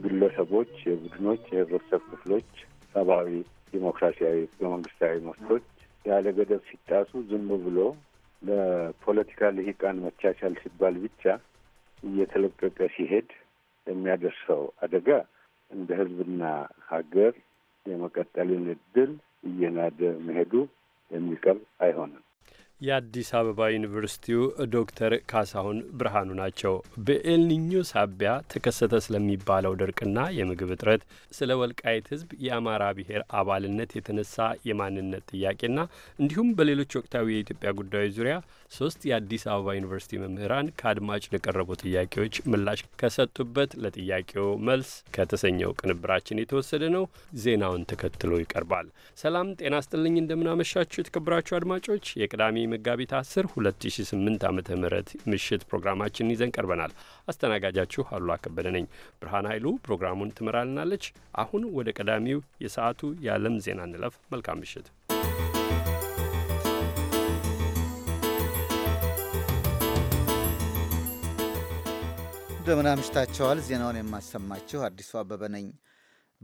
የግለሰቦች፣ የቡድኖች፣ የህብረተሰብ ክፍሎች ሰብአዊ፣ ዲሞክራሲያዊ፣ በመንግስታዊ መብቶች ያለ ገደብ ሲጣሱ ዝም ብሎ ለፖለቲካ ልሂቃን መቻቻል ሲባል ብቻ እየተለቀቀ ሲሄድ የሚያደርሰው አደጋ እንደ ህዝብና ሀገር የመቀጠልን እድል እየናደ መሄዱ የሚቀር አይሆንም። የአዲስ አበባ ዩኒቨርሲቲው ዶክተር ካሳሁን ብርሃኑ ናቸው። በኤልኒኞ ሳቢያ ተከሰተ ስለሚባለው ድርቅና የምግብ እጥረት፣ ስለ ወልቃይት ሕዝብ የአማራ ብሔር አባልነት የተነሳ የማንነት ጥያቄና እንዲሁም በሌሎች ወቅታዊ የኢትዮጵያ ጉዳዮች ዙሪያ ሶስት የአዲስ አበባ ዩኒቨርሲቲ መምህራን ከአድማጭ ለቀረቡ ጥያቄዎች ምላሽ ከሰጡበት ለጥያቄው መልስ ከተሰኘው ቅንብራችን የተወሰደ ነው። ዜናውን ተከትሎ ይቀርባል። ሰላም ጤና ስጥልኝ። እንደምናመሻችሁ የተከብራችሁ አድማጮች የቅዳሜ መጋቢት 10 2008 ዓ ም ምሽት ፕሮግራማችንን ይዘን ቀርበናል። አስተናጋጃችሁ አሉላ ከበደ ነኝ። ብርሃን ኃይሉ ፕሮግራሙን ትመራልናለች። አሁን ወደ ቀዳሚው የሰዓቱ የዓለም ዜና እንለፍ። መልካም ምሽት። እንደምን አምሽታችኋል። ዜናውን የማሰማችሁ አዲሱ አበበ ነኝ።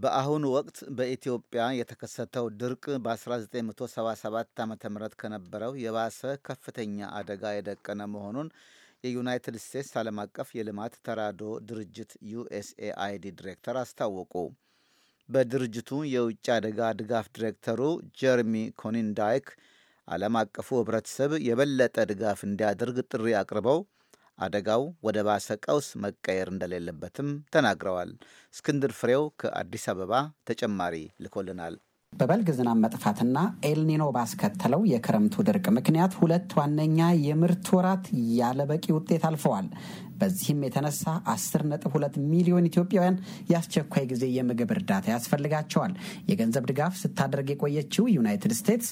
በአሁኑ ወቅት በኢትዮጵያ የተከሰተው ድርቅ በ1977 ዓ ም ከነበረው የባሰ ከፍተኛ አደጋ የደቀነ መሆኑን የዩናይትድ ስቴትስ ዓለም አቀፍ የልማት ተራድኦ ድርጅት ዩኤስኤአይዲ ዲሬክተር አስታወቁ። በድርጅቱ የውጭ አደጋ ድጋፍ ዲሬክተሩ ጀርሚ ኮኒንዳይክ ዓለም አቀፉ ህብረተሰብ የበለጠ ድጋፍ እንዲያደርግ ጥሪ አቅርበው አደጋው ወደ ባሰ ቀውስ መቀየር እንደሌለበትም ተናግረዋል። እስክንድር ፍሬው ከአዲስ አበባ ተጨማሪ ልኮልናል። በበልግ ዝናብ መጥፋትና ኤልኒኖ ባስከተለው የክረምቱ ድርቅ ምክንያት ሁለት ዋነኛ የምርት ወራት ያለበቂ ውጤት አልፈዋል። በዚህም የተነሳ 10.2 ሚሊዮን ኢትዮጵያውያን የአስቸኳይ ጊዜ የምግብ እርዳታ ያስፈልጋቸዋል። የገንዘብ ድጋፍ ስታደርግ የቆየችው ዩናይትድ ስቴትስ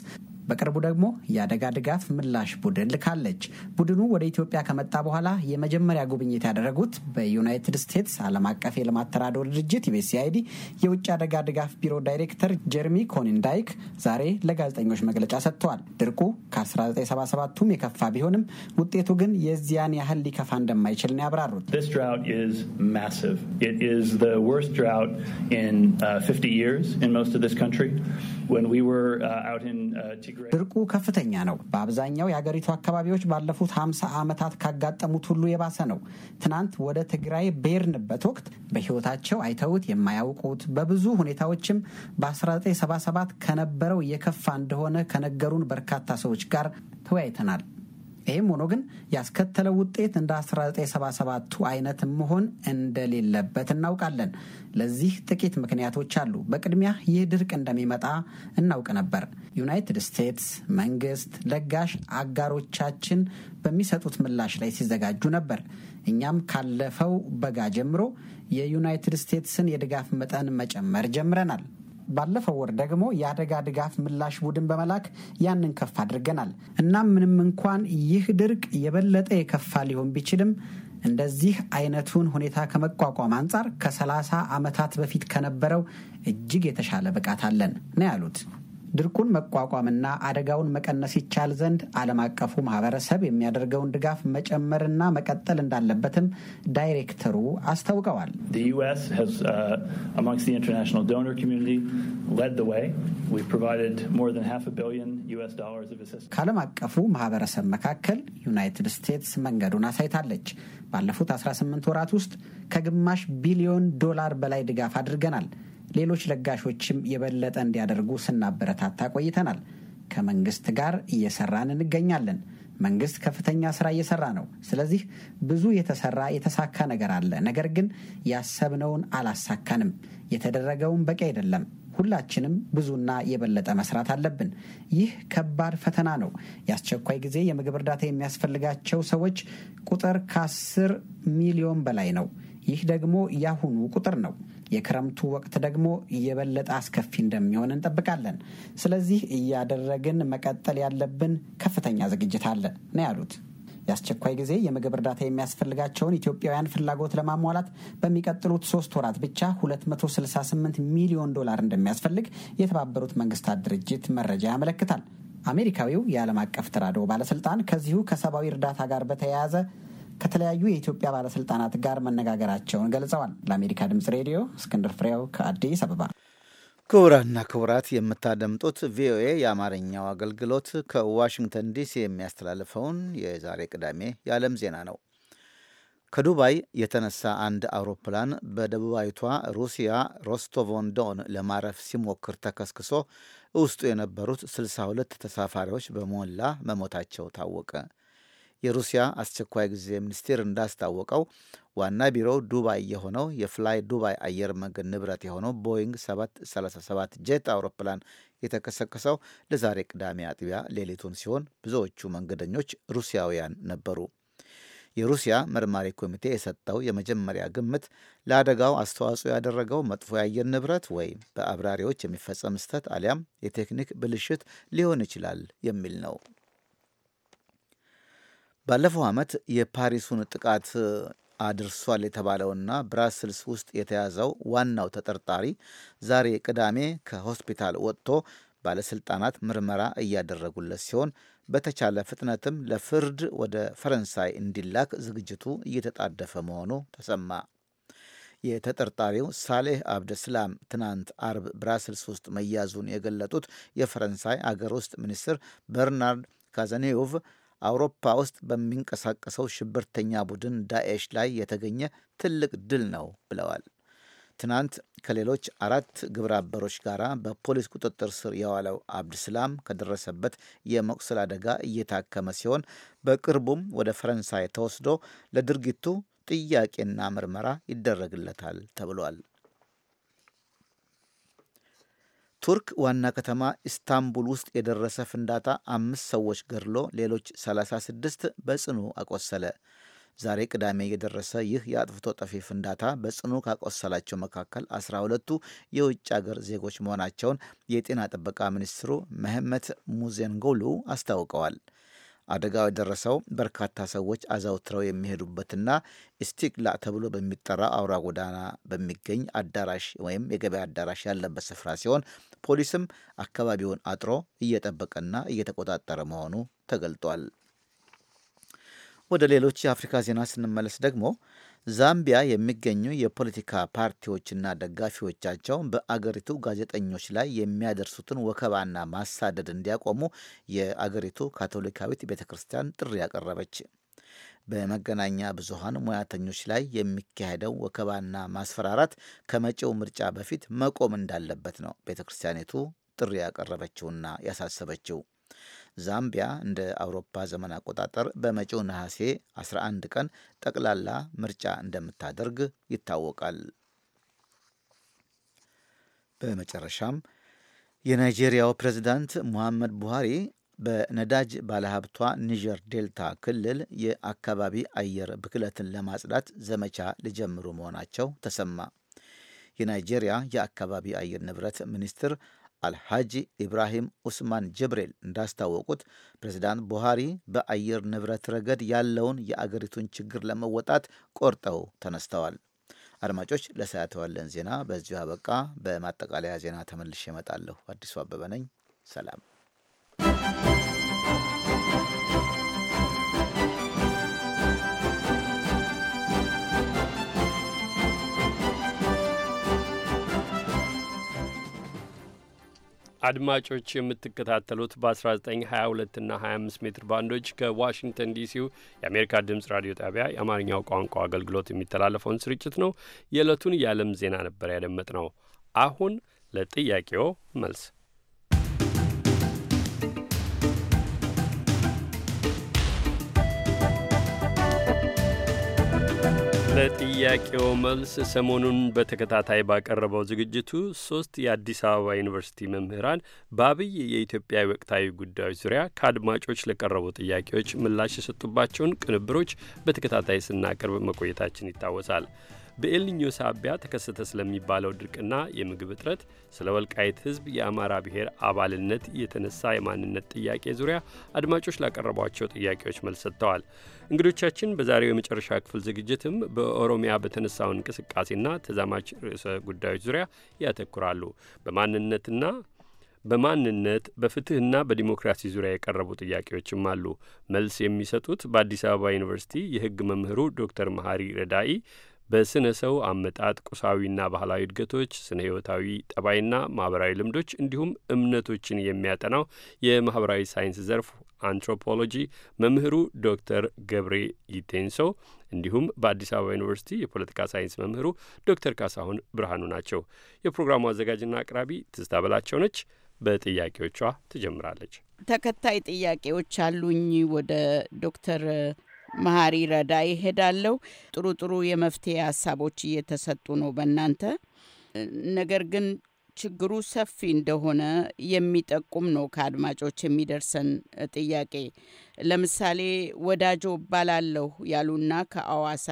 በቅርቡ ደግሞ የአደጋ ድጋፍ ምላሽ ቡድን ልካለች። ቡድኑ ወደ ኢትዮጵያ ከመጣ በኋላ የመጀመሪያ ጉብኝት ያደረጉት በዩናይትድ ስቴትስ ዓለም አቀፍ የልማት ተራድኦ ድርጅት ዩኤስአይዲ የውጭ አደጋ ድጋፍ ቢሮ ዳይሬክተር ጀርሚ ኮኒንዳይክ ዛሬ ለጋዜጠኞች መግለጫ ሰጥተዋል። ድርቁ ከ1977ቱም የከፋ ቢሆንም ውጤቱ ግን የዚያን ያህል ሊከፋ እንደማይችል ነው ያብራሩት። ድርቁ ከፍተኛ ነው። በአብዛኛው የሀገሪቱ አካባቢዎች ባለፉት 50 ዓመታት ካጋጠሙት ሁሉ የባሰ ነው። ትናንት ወደ ትግራይ በሄድንበት ወቅት በሕይወታቸው አይተውት የማያውቁት በብዙ ሁኔታዎችም በ1977 ከነበረው የከፋ እንደሆነ ከነገሩን በርካታ ሰዎች ጋር ተወያይተናል። ይህም ሆኖ ግን ያስከተለው ውጤት እንደ 1977ቱ አይነት መሆን እንደሌለበት እናውቃለን። ለዚህ ጥቂት ምክንያቶች አሉ። በቅድሚያ ይህ ድርቅ እንደሚመጣ እናውቅ ነበር። ዩናይትድ ስቴትስ መንግስት፣ ለጋሽ አጋሮቻችን በሚሰጡት ምላሽ ላይ ሲዘጋጁ ነበር። እኛም ካለፈው በጋ ጀምሮ የዩናይትድ ስቴትስን የድጋፍ መጠን መጨመር ጀምረናል። ባለፈው ወር ደግሞ የአደጋ ድጋፍ ምላሽ ቡድን በመላክ ያንን ከፍ አድርገናል። እናም ምንም እንኳን ይህ ድርቅ የበለጠ የከፋ ሊሆን ቢችልም እንደዚህ አይነቱን ሁኔታ ከመቋቋም አንጻር ከ30 ዓመታት በፊት ከነበረው እጅግ የተሻለ ብቃት አለን ነው ያሉት። ድርቁን መቋቋምና አደጋውን መቀነስ ይቻል ዘንድ ዓለም አቀፉ ማህበረሰብ የሚያደርገውን ድጋፍ መጨመርና መቀጠል እንዳለበትም ዳይሬክተሩ አስታውቀዋል። uh, ከዓለም አቀፉ ማህበረሰብ መካከል ዩናይትድ ስቴትስ መንገዱን አሳይታለች። ባለፉት 18 ወራት ውስጥ ከግማሽ ቢሊዮን ዶላር በላይ ድጋፍ አድርገናል። ሌሎች ለጋሾችም የበለጠ እንዲያደርጉ ስናበረታታ ቆይተናል። ከመንግስት ጋር እየሰራን እንገኛለን። መንግስት ከፍተኛ ስራ እየሰራ ነው። ስለዚህ ብዙ የተሰራ የተሳካ ነገር አለ። ነገር ግን ያሰብነውን አላሳካንም። የተደረገውን በቂ አይደለም። ሁላችንም ብዙና የበለጠ መስራት አለብን። ይህ ከባድ ፈተና ነው። የአስቸኳይ ጊዜ የምግብ እርዳታ የሚያስፈልጋቸው ሰዎች ቁጥር ከአስር ሚሊዮን በላይ ነው። ይህ ደግሞ ያሁኑ ቁጥር ነው። የክረምቱ ወቅት ደግሞ የበለጠ አስከፊ እንደሚሆን እንጠብቃለን። ስለዚህ እያደረግን መቀጠል ያለብን ከፍተኛ ዝግጅት አለ ነው ያሉት። የአስቸኳይ ጊዜ የምግብ እርዳታ የሚያስፈልጋቸውን ኢትዮጵያውያን ፍላጎት ለማሟላት በሚቀጥሉት ሶስት ወራት ብቻ 268 ሚሊዮን ዶላር እንደሚያስፈልግ የተባበሩት መንግስታት ድርጅት መረጃ ያመለክታል። አሜሪካዊው የዓለም አቀፍ ተራድኦ ባለስልጣን ከዚሁ ከሰብአዊ እርዳታ ጋር በተያያዘ ከተለያዩ የኢትዮጵያ ባለስልጣናት ጋር መነጋገራቸውን ገልጸዋል። ለአሜሪካ ድምጽ ሬዲዮ እስክንድር ፍሬው ከአዲስ አበባ። ክቡራና ክቡራት የምታደምጡት ቪኦኤ የአማርኛው አገልግሎት ከዋሽንግተን ዲሲ የሚያስተላልፈውን የዛሬ ቅዳሜ የዓለም ዜና ነው። ከዱባይ የተነሳ አንድ አውሮፕላን በደቡባዊቷ ሩሲያ ሮስቶቮን ዶን ለማረፍ ሲሞክር ተከስክሶ ውስጡ የነበሩት 62 ተሳፋሪዎች በሞላ መሞታቸው ታወቀ። የሩሲያ አስቸኳይ ጊዜ ሚኒስቴር እንዳስታወቀው ዋና ቢሮው ዱባይ የሆነው የፍላይ ዱባይ አየር መንገድ ንብረት የሆነው ቦይንግ 737 ጄት አውሮፕላን የተከሰከሰው ለዛሬ ቅዳሜ አጥቢያ ሌሊቱን ሲሆን ብዙዎቹ መንገደኞች ሩሲያውያን ነበሩ። የሩሲያ መርማሪ ኮሚቴ የሰጠው የመጀመሪያ ግምት ለአደጋው አስተዋጽኦ ያደረገው መጥፎ የአየር ንብረት ወይም በአብራሪዎች የሚፈጸም ስህተት አሊያም የቴክኒክ ብልሽት ሊሆን ይችላል የሚል ነው። ባለፈው ዓመት የፓሪሱን ጥቃት አድርሷል የተባለውና ብራስልስ ውስጥ የተያዘው ዋናው ተጠርጣሪ ዛሬ ቅዳሜ ከሆስፒታል ወጥቶ ባለሥልጣናት ምርመራ እያደረጉለት ሲሆን በተቻለ ፍጥነትም ለፍርድ ወደ ፈረንሳይ እንዲላክ ዝግጅቱ እየተጣደፈ መሆኑ ተሰማ። የተጠርጣሪው ሳሌህ አብደስላም ትናንት አርብ ብራስልስ ውስጥ መያዙን የገለጡት የፈረንሳይ አገር ውስጥ ሚኒስትር በርናርድ ካዘኔዮቭ አውሮፓ ውስጥ በሚንቀሳቀሰው ሽብርተኛ ቡድን ዳኤሽ ላይ የተገኘ ትልቅ ድል ነው ብለዋል። ትናንት ከሌሎች አራት ግብረ አበሮች ጋር በፖሊስ ቁጥጥር ስር የዋለው አብድስላም ከደረሰበት የመቁሰል አደጋ እየታከመ ሲሆን በቅርቡም ወደ ፈረንሳይ ተወስዶ ለድርጊቱ ጥያቄና ምርመራ ይደረግለታል ተብሏል። ቱርክ ዋና ከተማ ኢስታንቡል ውስጥ የደረሰ ፍንዳታ አምስት ሰዎች ገድሎ ሌሎች 36 በጽኑ አቆሰለ። ዛሬ ቅዳሜ የደረሰ ይህ የአጥፍቶ ጠፊ ፍንዳታ በጽኑ ካቆሰላቸው መካከል 12ቱ የውጭ አገር ዜጎች መሆናቸውን የጤና ጥበቃ ሚኒስትሩ መህመት ሙዜንጎሉ አስታውቀዋል። አደጋው የደረሰው በርካታ ሰዎች አዘውትረው የሚሄዱበትና ስቲግላ ተብሎ በሚጠራ አውራ ጎዳና በሚገኝ አዳራሽ ወይም የገበያ አዳራሽ ያለበት ስፍራ ሲሆን ፖሊስም አካባቢውን አጥሮ እየጠበቀና እየተቆጣጠረ መሆኑ ተገልጧል። ወደ ሌሎች የአፍሪካ ዜና ስንመለስ ደግሞ ዛምቢያ የሚገኙ የፖለቲካ ፓርቲዎችና ደጋፊዎቻቸው በአገሪቱ ጋዜጠኞች ላይ የሚያደርሱትን ወከባና ማሳደድ እንዲያቆሙ የአገሪቱ ካቶሊካዊት ቤተ ክርስቲያን ጥሪ ያቀረበች። በመገናኛ ብዙሃን ሙያተኞች ላይ የሚካሄደው ወከባና ማስፈራራት ከመጪው ምርጫ በፊት መቆም እንዳለበት ነው ቤተ ክርስቲያኒቱ ጥሪ ያቀረበችውና ያሳሰበችው። ዛምቢያ እንደ አውሮፓ ዘመን አቆጣጠር በመጪው ነሐሴ 11 ቀን ጠቅላላ ምርጫ እንደምታደርግ ይታወቃል። በመጨረሻም የናይጄሪያው ፕሬዚዳንት ሙሐመድ ቡሃሪ በነዳጅ ባለሀብቷ ኒጀር ዴልታ ክልል የአካባቢ አየር ብክለትን ለማጽዳት ዘመቻ ሊጀምሩ መሆናቸው ተሰማ። የናይጄሪያ የአካባቢ አየር ንብረት ሚኒስትር አልሐጂ ኢብራሂም ኡስማን ጀብሬል እንዳስታወቁት ፕሬዚዳንት ቡሃሪ በአየር ንብረት ረገድ ያለውን የአገሪቱን ችግር ለመወጣት ቆርጠው ተነስተዋል። አድማጮች፣ ለሰዓት ዜና በዚሁ አበቃ። በማጠቃለያ ዜና ተመልሼ እመጣለሁ። አዲሱ አበበ ነኝ። ሰላም። አድማጮች የምትከታተሉት በ1922 እና 25 ሜትር ባንዶች ከዋሽንግተን ዲሲው የአሜሪካ ድምፅ ራዲዮ ጣቢያ የአማርኛው ቋንቋ አገልግሎት የሚተላለፈውን ስርጭት ነው። የዕለቱን የዓለም ዜና ነበር ያደመጥ ነው። አሁን ለጥያቄው መልስ ለጥያቄው መልስ ሰሞኑን በተከታታይ ባቀረበው ዝግጅቱ ሶስት የአዲስ አበባ ዩኒቨርሲቲ መምህራን በአብይ የኢትዮጵያ ወቅታዊ ጉዳዮች ዙሪያ ከአድማጮች ለቀረቡ ጥያቄዎች ምላሽ የሰጡባቸውን ቅንብሮች በተከታታይ ስናቀርብ መቆየታችን ይታወሳል። በኤልኒኞ ሳቢያ ተከሰተ ስለሚባለው ድርቅና የምግብ እጥረት፣ ስለ ወልቃይት ህዝብ የአማራ ብሔር አባልነት የተነሳ የማንነት ጥያቄ ዙሪያ አድማጮች ላቀረቧቸው ጥያቄዎች መልስ ሰጥተዋል። እንግዶቻችን በዛሬው የመጨረሻ ክፍል ዝግጅትም በኦሮሚያ በተነሳው እንቅስቃሴና ተዛማች ርዕሰ ጉዳዮች ዙሪያ ያተኩራሉ። በማንነትና በማንነት በፍትህና በዲሞክራሲ ዙሪያ የቀረቡ ጥያቄዎችም አሉ። መልስ የሚሰጡት በአዲስ አበባ ዩኒቨርሲቲ የህግ መምህሩ ዶክተር መሀሪ ረዳኢ በስነ ሰው አመጣጥ ቁሳዊና ባህላዊ እድገቶች፣ ስነ ህይወታዊ ጠባይና ማህበራዊ ልምዶች እንዲሁም እምነቶችን የሚያጠናው የማህበራዊ ሳይንስ ዘርፍ አንትሮፖሎጂ መምህሩ ዶክተር ገብሬ ይቴንሶ እንዲሁም በአዲስ አበባ ዩኒቨርሲቲ የፖለቲካ ሳይንስ መምህሩ ዶክተር ካሳሁን ብርሃኑ ናቸው። የፕሮግራሙ አዘጋጅና አቅራቢ ትዝታ በላቸው ነች። በጥያቄዎቿ ትጀምራለች። ተከታይ ጥያቄዎች አሉኝ ወደ ዶክተር መሀሪ ረዳ ይሄዳለሁ ጥሩ ጥሩ የመፍትሄ ሀሳቦች እየተሰጡ ነው በእናንተ ነገር ግን ችግሩ ሰፊ እንደሆነ የሚጠቁም ነው ከአድማጮች የሚደርሰን ጥያቄ። ለምሳሌ ወዳጆ እባላለሁ ያሉና ከአዋሳ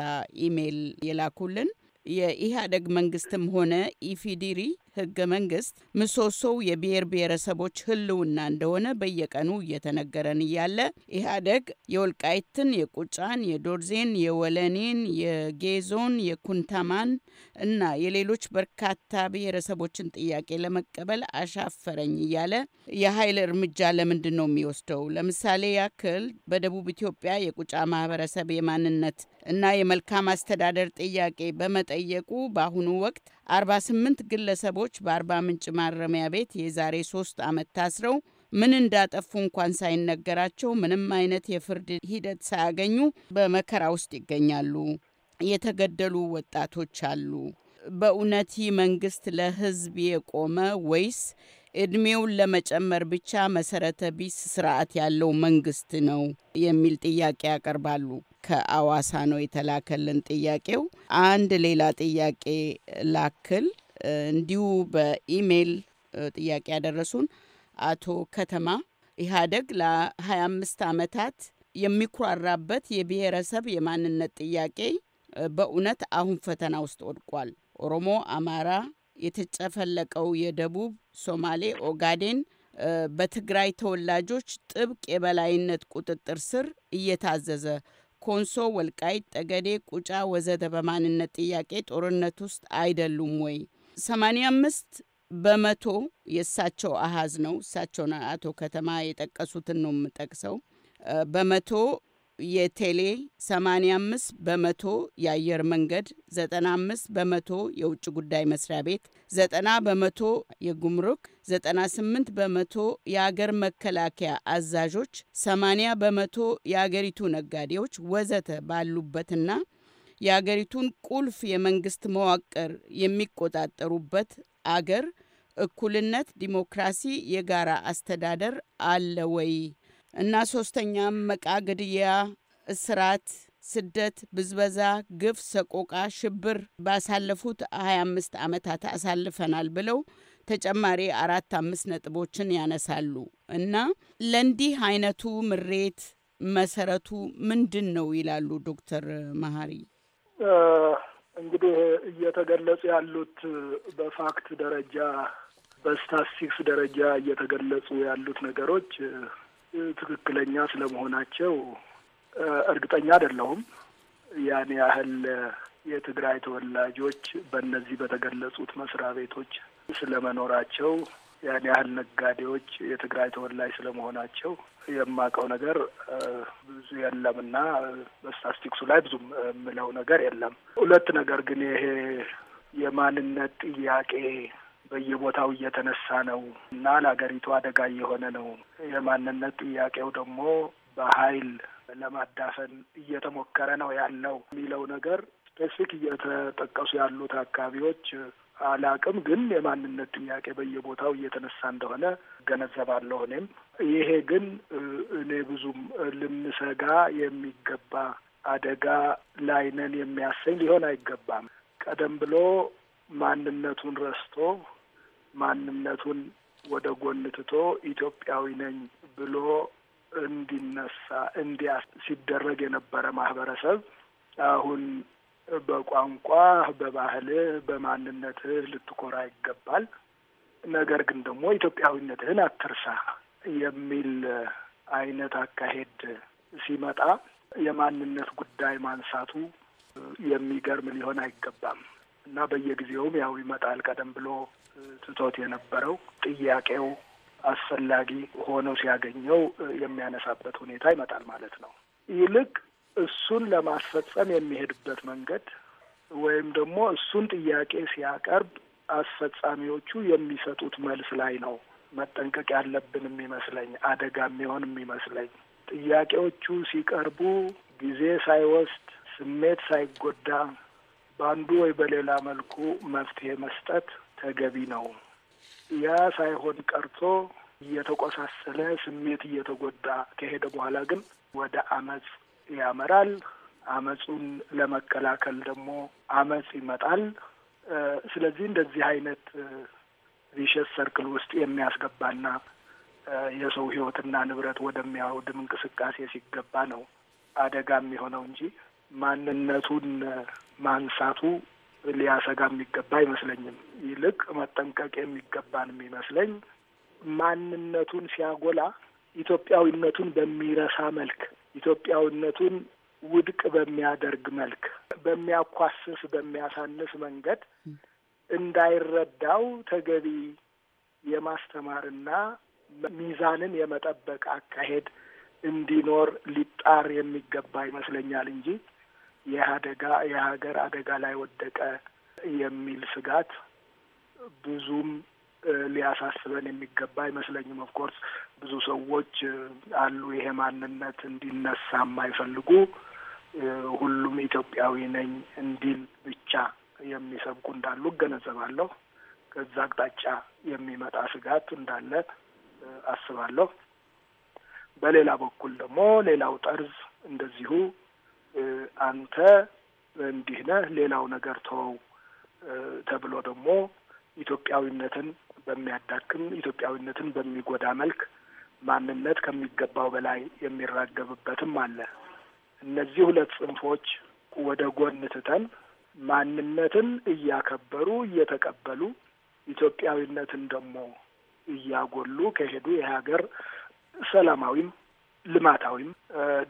ኢሜይል የላኩልን የኢህአዴግ መንግስትም ሆነ ኢፊዲሪ ህገ መንግስት ምሰሶው የብሔር ብሔረሰቦች ህልውና እንደሆነ በየቀኑ እየተነገረን እያለ ኢህአደግ የወልቃይትን፣ የቁጫን፣ የዶርዜን፣ የወለኔን፣ የጌዞን፣ የኩንታማን እና የሌሎች በርካታ ብሔረሰቦችን ጥያቄ ለመቀበል አሻፈረኝ እያለ የኃይል እርምጃ ለምንድን ነው የሚወስደው? ለምሳሌ ያክል በደቡብ ኢትዮጵያ የቁጫ ማህበረሰብ የማንነት እና የመልካም አስተዳደር ጥያቄ በመጠየቁ በአሁኑ ወቅት 48 ግለሰቦች በአርባ ምንጭ ማረሚያ ቤት የዛሬ ሶስት ዓመት ታስረው ምን እንዳጠፉ እንኳን ሳይነገራቸው ምንም አይነት የፍርድ ሂደት ሳያገኙ በመከራ ውስጥ ይገኛሉ። የተገደሉ ወጣቶች አሉ። በእውነት መንግስት ለህዝብ የቆመ ወይስ እድሜውን ለመጨመር ብቻ መሰረተ ቢስ ስርዓት ያለው መንግስት ነው የሚል ጥያቄ ያቀርባሉ። ከአዋሳ ነው የተላከልን ጥያቄው። አንድ ሌላ ጥያቄ ላክል እንዲሁ በኢሜይል ጥያቄ ያደረሱን አቶ ከተማ ኢህአዴግ ለ25 ዓመታት የሚኩራራበት የብሔረሰብ የማንነት ጥያቄ በእውነት አሁን ፈተና ውስጥ ወድቋል። ኦሮሞ፣ አማራ፣ የተጨፈለቀው የደቡብ ሶማሌ ኦጋዴን በትግራይ ተወላጆች ጥብቅ የበላይነት ቁጥጥር ስር እየታዘዘ ኮንሶ፣ ወልቃይት፣ ጠገዴ፣ ቁጫ ወዘተ በማንነት ጥያቄ ጦርነት ውስጥ አይደሉም ወይ? 85 በመቶ የእሳቸው አሃዝ ነው። እሳቸውን አቶ ከተማ የጠቀሱትን ነው የምጠቅሰው። በመቶ የቴሌ 85 በመቶ የአየር መንገድ፣ 95 በመቶ የውጭ ጉዳይ መስሪያ ቤት፣ 90 በመቶ የጉምሩክ፣ 98 በመቶ የአገር መከላከያ አዛዦች፣ 80 በመቶ የአገሪቱ ነጋዴዎች ወዘተ ባሉበትና የአገሪቱን ቁልፍ የመንግስት መዋቅር የሚቆጣጠሩበት አገር እኩልነት፣ ዲሞክራሲ፣ የጋራ አስተዳደር አለ ወይ እና ሶስተኛም መቃ፣ ግድያ፣ እስራት፣ ስደት፣ ብዝበዛ፣ ግፍ፣ ሰቆቃ፣ ሽብር ባሳለፉት 25 ዓመታት አሳልፈናል ብለው ተጨማሪ አራት አምስት ነጥቦችን ያነሳሉ እና ለእንዲህ አይነቱ ምሬት መሰረቱ ምንድን ነው ይላሉ ዶክተር መሀሪ። እንግዲህ እየተገለጹ ያሉት በፋክት ደረጃ በስታስቲክስ ደረጃ እየተገለጹ ያሉት ነገሮች ትክክለኛ ስለመሆናቸው እርግጠኛ አይደለሁም። ያን ያህል የትግራይ ተወላጆች በእነዚህ በተገለጹት መስሪያ ቤቶች ስለመኖራቸው ያን ያህል ነጋዴዎች የትግራይ ተወላጅ ስለመሆናቸው የማውቀው ነገር ብዙ የለም በስታስቲክሱ ላይ ብዙም የምለው ነገር የለም። ሁለት ነገር ግን ይሄ የማንነት ጥያቄ በየቦታው እየተነሳ ነው እና ለሀገሪቱ አደጋ እየሆነ ነው። የማንነት ጥያቄው ደግሞ በኃይል ለማዳፈን እየተሞከረ ነው ያለው የሚለው ነገር ስፔሲፊክ እየተጠቀሱ ያሉት አካባቢዎች አላቅም፣ ግን የማንነት ጥያቄ በየቦታው እየተነሳ እንደሆነ እገነዘባለሁ። እኔም ይሄ ግን እኔ ብዙም ልንሰጋ የሚገባ አደጋ ላይነን የሚያሰኝ ሊሆን አይገባም። ቀደም ብሎ ማንነቱን ረስቶ ማንነቱን ወደ ጎን ትቶ ኢትዮጵያዊ ነኝ ብሎ እንዲነሳ እንዲያ ሲደረግ የነበረ ማህበረሰብ አሁን በቋንቋ በባህልህ፣ በማንነትህ ልትኮራ ይገባል፣ ነገር ግን ደግሞ ኢትዮጵያዊነትህን አትርሳ የሚል አይነት አካሄድ ሲመጣ የማንነት ጉዳይ ማንሳቱ የሚገርም ሊሆን አይገባም። እና በየጊዜውም ያው ይመጣል። ቀደም ብሎ ትቶት የነበረው ጥያቄው አስፈላጊ ሆኖ ሲያገኘው የሚያነሳበት ሁኔታ ይመጣል ማለት ነው። ይልቅ እሱን ለማስፈጸም የሚሄድበት መንገድ ወይም ደግሞ እሱን ጥያቄ ሲያቀርብ አስፈጻሚዎቹ የሚሰጡት መልስ ላይ ነው መጠንቀቅ ያለብን የሚመስለኝ አደጋ የሚሆን የሚመስለኝ ጥያቄዎቹ ሲቀርቡ ጊዜ ሳይወስድ ስሜት ሳይጎዳ በአንዱ ወይ በሌላ መልኩ መፍትሄ መስጠት ተገቢ ነው። ያ ሳይሆን ቀርቶ እየተቆሳሰለ ስሜት እየተጎዳ ከሄደ በኋላ ግን ወደ አመፅ ያመራል። አመፁን ለመከላከል ደግሞ አመፅ ይመጣል። ስለዚህ እንደዚህ አይነት ቪሸስ ሰርክል ውስጥ የሚያስገባና የሰው ህይወትና ንብረት ወደሚያወድም እንቅስቃሴ ሲገባ ነው አደጋ የሚሆነው እንጂ ማንነቱን ማንሳቱ ሊያሰጋ የሚገባ አይመስለኝም። ይልቅ መጠንቀቅ የሚገባን የሚመስለኝ ማንነቱን ሲያጎላ ኢትዮጵያዊነቱን በሚረሳ መልክ፣ ኢትዮጵያዊነቱን ውድቅ በሚያደርግ መልክ፣ በሚያኳስስ በሚያሳንስ መንገድ እንዳይረዳው ተገቢ የማስተማርና ሚዛንን የመጠበቅ አካሄድ እንዲኖር ሊጣር የሚገባ ይመስለኛል እንጂ ይህ አደጋ የሀገር አደጋ ላይ ወደቀ የሚል ስጋት ብዙም ሊያሳስበን የሚገባ አይመስለኝም። ኦፍኮርስ ብዙ ሰዎች አሉ፣ ይሄ ማንነት እንዲነሳ የማይፈልጉ ሁሉም ኢትዮጵያዊ ነኝ እንዲል ብቻ የሚሰብኩ እንዳሉ እገነዘባለሁ። ከዛ አቅጣጫ የሚመጣ ስጋት እንዳለ አስባለሁ። በሌላ በኩል ደግሞ ሌላው ጠርዝ እንደዚሁ አንተ እንዲህ ነህ፣ ሌላው ነገር ተወው ተብሎ ደግሞ ኢትዮጵያዊነትን በሚያዳክም ኢትዮጵያዊነትን በሚጎዳ መልክ ማንነት ከሚገባው በላይ የሚራገብበትም አለ። እነዚህ ሁለት ጽንፎች ወደ ጎን ትተን ማንነትን እያከበሩ እየተቀበሉ ኢትዮጵያዊነትን ደግሞ እያጎሉ ከሄዱ የሀገር ሰላማዊም ልማታዊም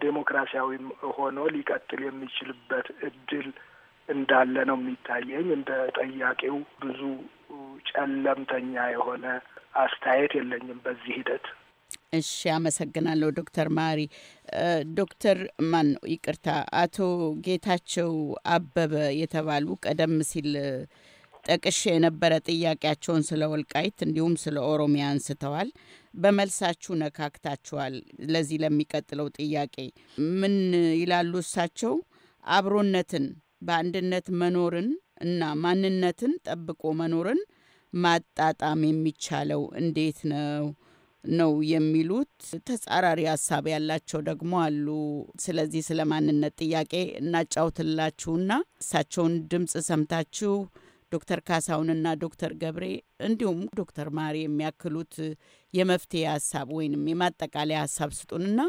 ዴሞክራሲያዊም ሆኖ ሊቀጥል የሚችልበት እድል እንዳለ ነው የሚታየኝ። እንደ ጠያቄው ብዙ ጨለምተኛ የሆነ አስተያየት የለኝም በዚህ ሂደት። እሺ፣ አመሰግናለሁ ዶክተር ማሪ። ዶክተር ማን ነው ይቅርታ፣ አቶ ጌታቸው አበበ የተባሉ ቀደም ሲል ጠቅሽ የነበረ ጥያቄያቸውን ስለ ወልቃይት እንዲሁም ስለ ኦሮሚያ አንስተዋል። በመልሳችሁ ነካክታችኋል። ለዚህ ለሚቀጥለው ጥያቄ ምን ይላሉ እሳቸው? አብሮነትን በአንድነት መኖርን እና ማንነትን ጠብቆ መኖርን ማጣጣም የሚቻለው እንዴት ነው ነው የሚሉት። ተጻራሪ ሀሳብ ያላቸው ደግሞ አሉ። ስለዚህ ስለ ማንነት ጥያቄ እናጫውትላችሁና እሳቸውን ድምፅ ሰምታችሁ ዶክተር ካሳውንና ዶክተር ገብሬ እንዲሁም ዶክተር ማሪ የሚያክሉት የመፍትሄ ሀሳብ ወይንም የማጠቃለያ ሀሳብ ስጡንና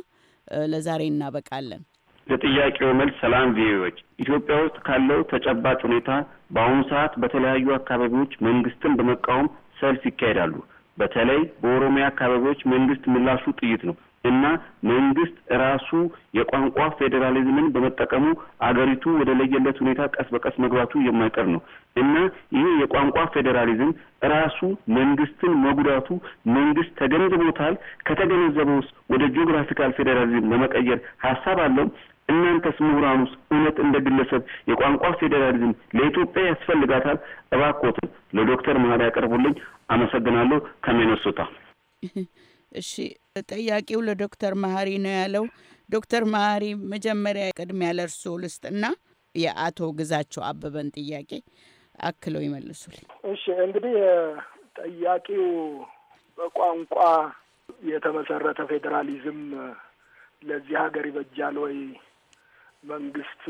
ለዛሬ እናበቃለን። ለጥያቄው መልስ ሰላም ቪዎች ኢትዮጵያ ውስጥ ካለው ተጨባጭ ሁኔታ በአሁኑ ሰዓት በተለያዩ አካባቢዎች መንግስትን በመቃወም ሰልፍ ይካሄዳሉ። በተለይ በኦሮሚያ አካባቢዎች መንግስት ምላሹ ጥይት ነው። እና መንግስት ራሱ የቋንቋ ፌዴራሊዝምን በመጠቀሙ አገሪቱ ወደ ለየለት ሁኔታ ቀስ በቀስ መግባቱ የማይቀር ነው እና ይህ የቋንቋ ፌዴራሊዝም ራሱ መንግስትን መጉዳቱ መንግስት ተገንዝቦታል። ከተገነዘበውስ ወደ ጂኦግራፊካል ፌዴራሊዝም ለመቀየር ሀሳብ አለው። እናንተስ ምሁራኑስ እውነት እንደ ግለሰብ የቋንቋ ፌዴራሊዝም ለኢትዮጵያ ያስፈልጋታል? እባኮትን ለዶክተር መሀሪ ያቀርቡልኝ። አመሰግናለሁ። ከሚነሶታ እሺ ጠያቂው ለዶክተር መሀሪ ነው ያለው። ዶክተር መሀሪ መጀመሪያ ቅድሚያ ለእርሶ ልስጥና የአቶ ግዛቸው አበበን ጥያቄ አክለው ይመልሱልኝ። እሺ እንግዲህ ጠያቂው በቋንቋ የተመሰረተ ፌዴራሊዝም ለዚህ ሀገር ይበጃል ወይ መንግስት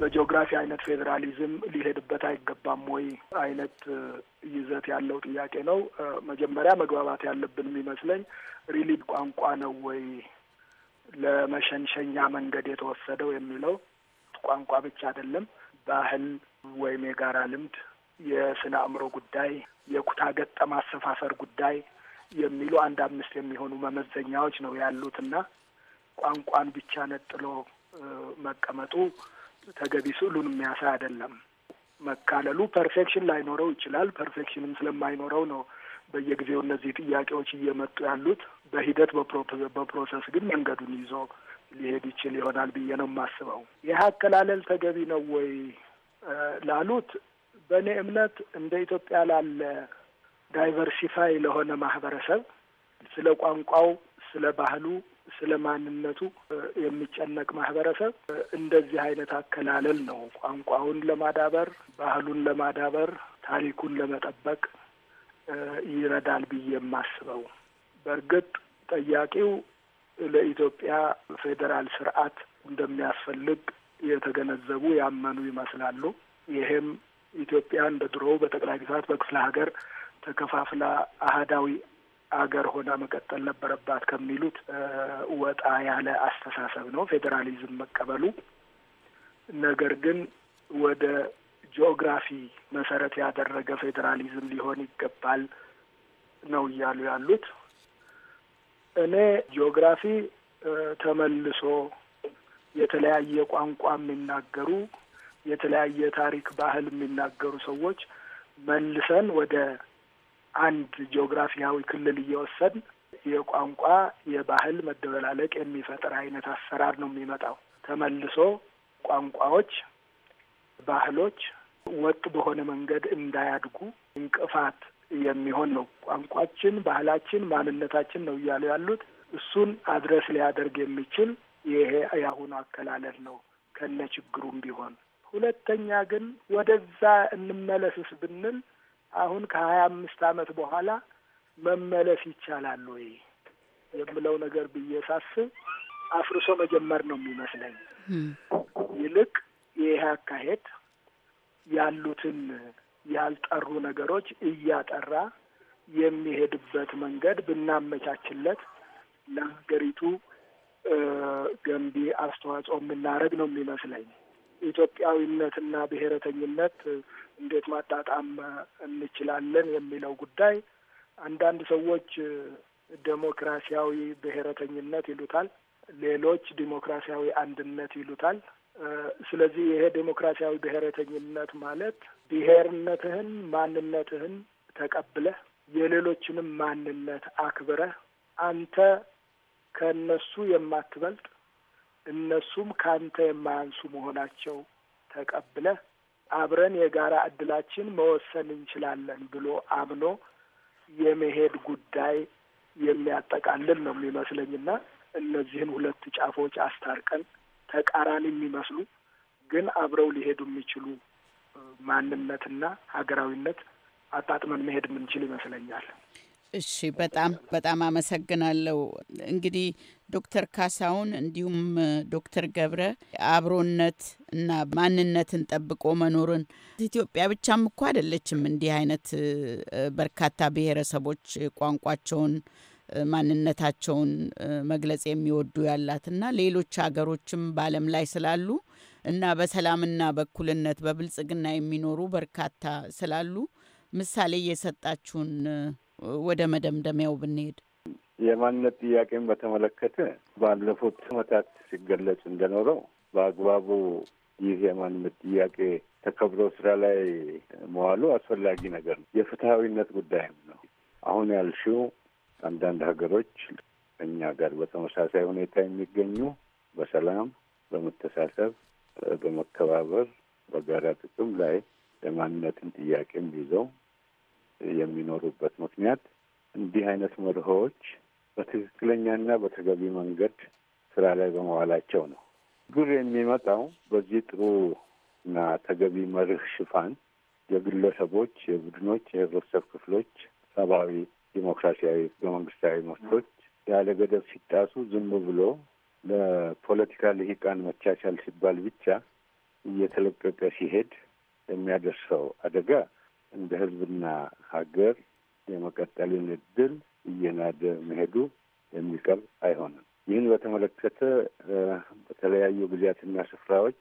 በጂኦግራፊ አይነት ፌዴራሊዝም ሊሄድበት አይገባም ወይ አይነት ይዘት ያለው ጥያቄ ነው። መጀመሪያ መግባባት ያለብን የሚመስለኝ ሪሊ ቋንቋ ነው ወይ ለመሸንሸኛ መንገድ የተወሰደው የሚለው ቋንቋ ብቻ አይደለም። ባህል ወይም የጋራ ልምድ፣ የስነ አእምሮ ጉዳይ፣ የኩታ ገጠም አሰፋፈር ጉዳይ የሚሉ አንድ አምስት የሚሆኑ መመዘኛዎች ነው ያሉትና ቋንቋን ብቻ ነጥሎ መቀመጡ ተገቢ ስዕሉን የሚያሳይ አይደለም። መካለሉ ፐርፌክሽን ላይኖረው ይችላል። ፐርፌክሽንም ስለማይኖረው ነው በየጊዜው እነዚህ ጥያቄዎች እየመጡ ያሉት። በሂደት በፕሮሰስ ግን መንገዱን ይዞ ሊሄድ ይችል ይሆናል ብዬ ነው የማስበው። ይህ አከላለል ተገቢ ነው ወይ ላሉት በእኔ እምነት እንደ ኢትዮጵያ ላለ ዳይቨርሲፋይ ለሆነ ማህበረሰብ ስለ ቋንቋው፣ ስለ ባህሉ፣ ስለ ማንነቱ የሚጨነቅ ማህበረሰብ እንደዚህ አይነት አከላለል ነው ቋንቋውን ለማዳበር፣ ባህሉን ለማዳበር፣ ታሪኩን ለመጠበቅ ይረዳል ብዬ የማስበው። በእርግጥ ጠያቂው ለኢትዮጵያ ፌዴራል ስርዓት እንደሚያስፈልግ የተገነዘቡ ያመኑ ይመስላሉ። ይሄም ኢትዮጵያ እንደ ድሮው በጠቅላይ ግዛት በክፍለ ሀገር ተከፋፍላ አህዳዊ አገር ሆና መቀጠል ነበረባት ከሚሉት ወጣ ያለ አስተሳሰብ ነው ፌዴራሊዝም መቀበሉ። ነገር ግን ወደ ጂኦግራፊ መሰረት ያደረገ ፌዴራሊዝም ሊሆን ይገባል ነው እያሉ ያሉት። እኔ ጂኦግራፊ ተመልሶ የተለያየ ቋንቋ የሚናገሩ የተለያየ ታሪክ፣ ባህል የሚናገሩ ሰዎች መልሰን ወደ አንድ ጂኦግራፊያዊ ክልል እየወሰድ የቋንቋ የባህል መደበላለቅ የሚፈጥር አይነት አሰራር ነው የሚመጣው። ተመልሶ ቋንቋዎች፣ ባህሎች ወጥ በሆነ መንገድ እንዳያድጉ እንቅፋት የሚሆን ነው። ቋንቋችን፣ ባህላችን፣ ማንነታችን ነው እያሉ ያሉት እሱን አድረስ ሊያደርግ የሚችል ይሄ የአሁኑ አከላለል ነው ከነ ችግሩም ቢሆን። ሁለተኛ ግን ወደዛ እንመለስስ ብንል አሁን ከሀያ አምስት አመት በኋላ መመለስ ይቻላል ወይ የምለው ነገር ብዬ ሳስብ አፍርሶ መጀመር ነው የሚመስለኝ። ይልቅ ይህ አካሄድ ያሉትን ያልጠሩ ነገሮች እያጠራ የሚሄድበት መንገድ ብናመቻችለት ለሀገሪቱ ገንቢ አስተዋጽኦ የምናደርግ ነው የሚመስለኝ። ኢትዮጵያዊነትና ብሔረተኝነት እንዴት ማጣጣም እንችላለን የሚለው ጉዳይ አንዳንድ ሰዎች ዴሞክራሲያዊ ብሔረተኝነት ይሉታል፣ ሌሎች ዲሞክራሲያዊ አንድነት ይሉታል። ስለዚህ ይሄ ዴሞክራሲያዊ ብሔረተኝነት ማለት ብሔርነትህን፣ ማንነትህን ተቀብለህ የሌሎችንም ማንነት አክብረህ አንተ ከእነሱ የማትበልጥ እነሱም ካንተ የማያንሱ መሆናቸው ተቀብለ አብረን የጋራ እድላችን መወሰን እንችላለን ብሎ አምኖ የመሄድ ጉዳይ የሚያጠቃልል ነው የሚመስለኝና እነዚህን ሁለት ጫፎች አስታርቀን ተቃራኒ የሚመስሉ ግን አብረው ሊሄዱ የሚችሉ ማንነትና ሀገራዊነት አጣጥመን መሄድ የምንችል ይመስለኛል። እሺ በጣም በጣም አመሰግናለሁ። እንግዲህ ዶክተር ካሳውን እንዲሁም ዶክተር ገብረ አብሮነት እና ማንነትን ጠብቆ መኖርን ኢትዮጵያ ብቻም እኮ አይደለችም። እንዲህ አይነት በርካታ ብሔረሰቦች ቋንቋቸውን፣ ማንነታቸውን መግለጽ የሚወዱ ያላት እና ሌሎች ሀገሮችም በዓለም ላይ ስላሉ እና በሰላምና በእኩልነት በብልጽግና የሚኖሩ በርካታ ስላሉ ምሳሌ የሰጣችሁን ወደ መደምደሚያው ብንሄድ የማንነት ጥያቄን በተመለከተ ባለፉት ዓመታት ሲገለጽ እንደኖረው በአግባቡ ይህ የማንነት ጥያቄ ተከብሮ ስራ ላይ መዋሉ አስፈላጊ ነገር ነው። የፍትሐዊነት ጉዳይም ነው። አሁን ያልሽው አንዳንድ ሀገሮች ከኛ ጋር በተመሳሳይ ሁኔታ የሚገኙ በሰላም፣ በመተሳሰብ፣ በመከባበር በጋራ ጥቅም ላይ የማንነትን ጥያቄም ይዘው የሚኖሩበት ምክንያት እንዲህ አይነት መርሆዎች በትክክለኛና በተገቢ መንገድ ስራ ላይ በመዋላቸው ነው። ግር የሚመጣው በዚህ ጥሩ እና ተገቢ መርህ ሽፋን የግለሰቦች፣ የቡድኖች፣ የህብረተሰብ ክፍሎች ሰብአዊ፣ ዲሞክራሲያዊ፣ በመንግስታዊ መንግስታዊ መብቶች ያለ ገደብ ሲጣሱ ዝም ብሎ ለፖለቲካ ልሂቃን መቻቻል ሲባል ብቻ እየተለቀቀ ሲሄድ የሚያደርሰው አደጋ እንደ ህዝብና ሀገር የመቀጠልን እድል እየናደ መሄዱ የሚቀር አይሆንም። ይህን በተመለከተ በተለያዩ ጊዜያትና ስፍራዎች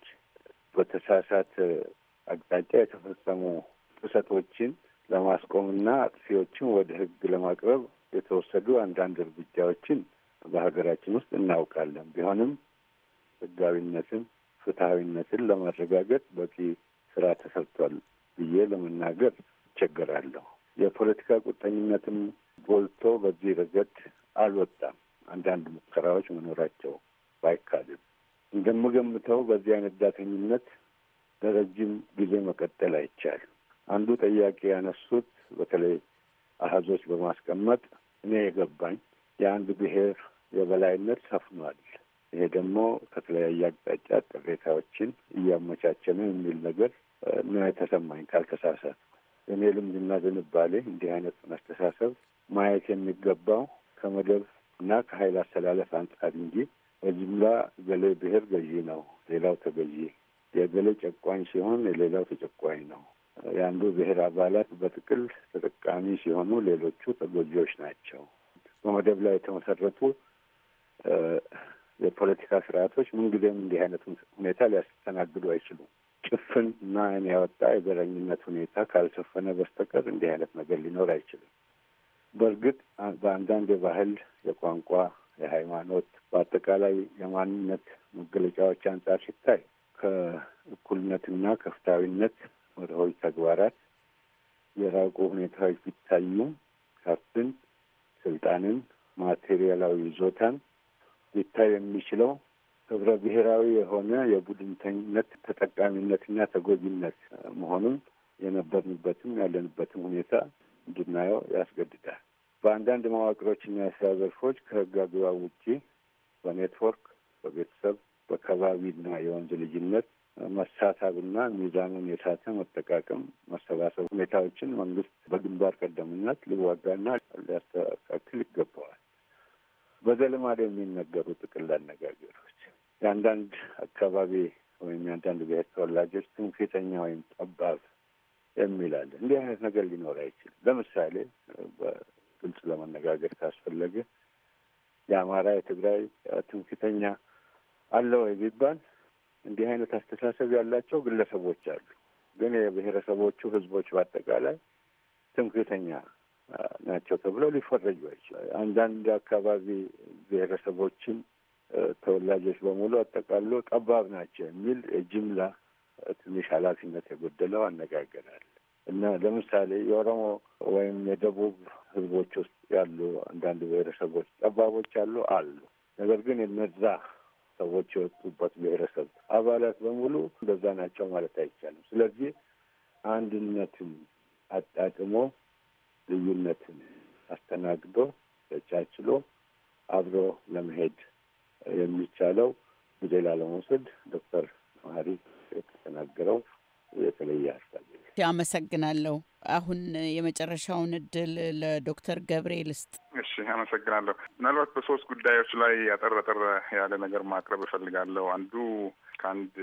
በተሳሳተ አቅጣጫ የተፈጸሙ ጥሰቶችን ለማስቆምና አጥፊዎችን ወደ ህግ ለማቅረብ የተወሰዱ አንዳንድ እርምጃዎችን በሀገራችን ውስጥ እናውቃለን። ቢሆንም ህጋዊነትን፣ ፍትሐዊነትን ለማረጋገጥ በቂ ስራ ተሰርቷል ብዬ ለመናገር ይቸገራለሁ። የፖለቲካ ቁርጠኝነትም ጎልቶ በዚህ ረገድ አልወጣም። አንዳንድ ሙከራዎች መኖራቸው ባይካልም እንደምገምተው በዚህ አይነት ዳተኝነት ለረጅም ጊዜ መቀጠል አይቻልም። አንዱ ጥያቄ ያነሱት በተለይ አህዞች በማስቀመጥ እኔ የገባኝ የአንድ ብሔር የበላይነት ሰፍኗል። ይሄ ደግሞ ከተለያየ አቅጣጫ ቅሬታዎችን እያመቻቸ ነው የሚል ነገር ነው የተሰማኝ። ካልተሳሳት እኔ ልምድና ዝንባሌ እንዲህ አይነት አስተሳሰብ ማየት የሚገባው ከመደብ እና ከሀይል አስተላለፍ አንጻር እንጂ በጅምላ ገሌ ብሔር ገዢ ነው፣ ሌላው ተገዢ፣ የገሌ ጨቋኝ ሲሆን የሌላው ተጨቋኝ ነው፣ የአንዱ ብሔር አባላት በጥቅል ተጠቃሚ ሲሆኑ ሌሎቹ ተጎጂዎች ናቸው። በመደብ ላይ የተመሰረቱ የፖለቲካ ስርዓቶች ምንጊዜም እንዲህ አይነት ሁኔታ ሊያስተናግዱ አይችሉም። ጭፍን እና ዓይን ያወጣ የበረኝነት ሁኔታ ካልሰፈነ በስተቀር እንዲህ አይነት ነገር ሊኖር አይችልም። በእርግጥ በአንዳንድ የባህል፣ የቋንቋ፣ የሃይማኖት በአጠቃላይ የማንነት መገለጫዎች አንጻር ሲታይ ከእኩልነትና ከፍታዊነት መርሆዊ ተግባራት የራቁ ሁኔታዎች ቢታዩም ሀብትን፣ ስልጣንን፣ ማቴሪያላዊ ይዞታን ሊታይ የሚችለው ህብረ ብሔራዊ የሆነ የቡድንተኝነት ተጠቃሚነትና ተጎጂነት መሆኑን የነበርንበትም ያለንበትም ሁኔታ እንድናየው ያስገድዳል። በአንዳንድ መዋቅሮችና የስራ ዘርፎች ከህግ አግባብ ውጪ በኔትወርክ፣ በቤተሰብ፣ በከባቢና የወንዝ ልጅነት መሳሳብና ሚዛኑን የሳተ መጠቃቀም፣ መሰባሰብ ሁኔታዎችን መንግስት በግንባር ቀደምነት ሊዋጋና ሊያስተካክል ይገባዋል። በዘልማድ የሚነገሩ ጥቅል አነጋገሮች የአንዳንድ አካባቢ ወይም የአንዳንድ ብሔር ተወላጆች ትምክህተኛ ወይም ጠባብ የሚል አለ። እንዲህ አይነት ነገር ሊኖር አይችልም። ለምሳሌ በግልጽ ለመነጋገር ካስፈለገ የአማራ የትግራይ ትምክህተኛ አለ ወይ ቢባል እንዲህ አይነት አስተሳሰብ ያላቸው ግለሰቦች አሉ። ግን የብሔረሰቦቹ ህዝቦች በአጠቃላይ ትምክህተኛ ናቸው ተብለው ሊፈረጁ አይችላል። አንዳንድ አካባቢ ብሔረሰቦችን ተወላጆች በሙሉ አጠቃሎ ጠባብ ናቸው የሚል ጅምላ ትንሽ ኃላፊነት የጎደለው አነጋገራል እና ለምሳሌ የኦሮሞ ወይም የደቡብ ህዝቦች ውስጥ ያሉ አንዳንድ ብሔረሰቦች ጠባቦች አሉ አሉ። ነገር ግን የነዛ ሰዎች የወጡበት ብሔረሰብ አባላት በሙሉ እንደዛ ናቸው ማለት አይቻልም። ስለዚህ አንድነትን አጣጥሞ ልዩነትን አስተናግዶ ተቻችሎ አብሮ ለመሄድ የሚቻለው ጊዜላ ለመውሰድ ዶክተር መሀሪ የተናገረው የተለየ ሀሳብ አመሰግናለሁ። አሁን የመጨረሻውን እድል ለዶክተር ገብርኤል ልስጥ። እሺ፣ አመሰግናለሁ። ምናልባት በሶስት ጉዳዮች ላይ አጠር ያለ ነገር ማቅረብ እፈልጋለሁ። አንዱ ከአንድ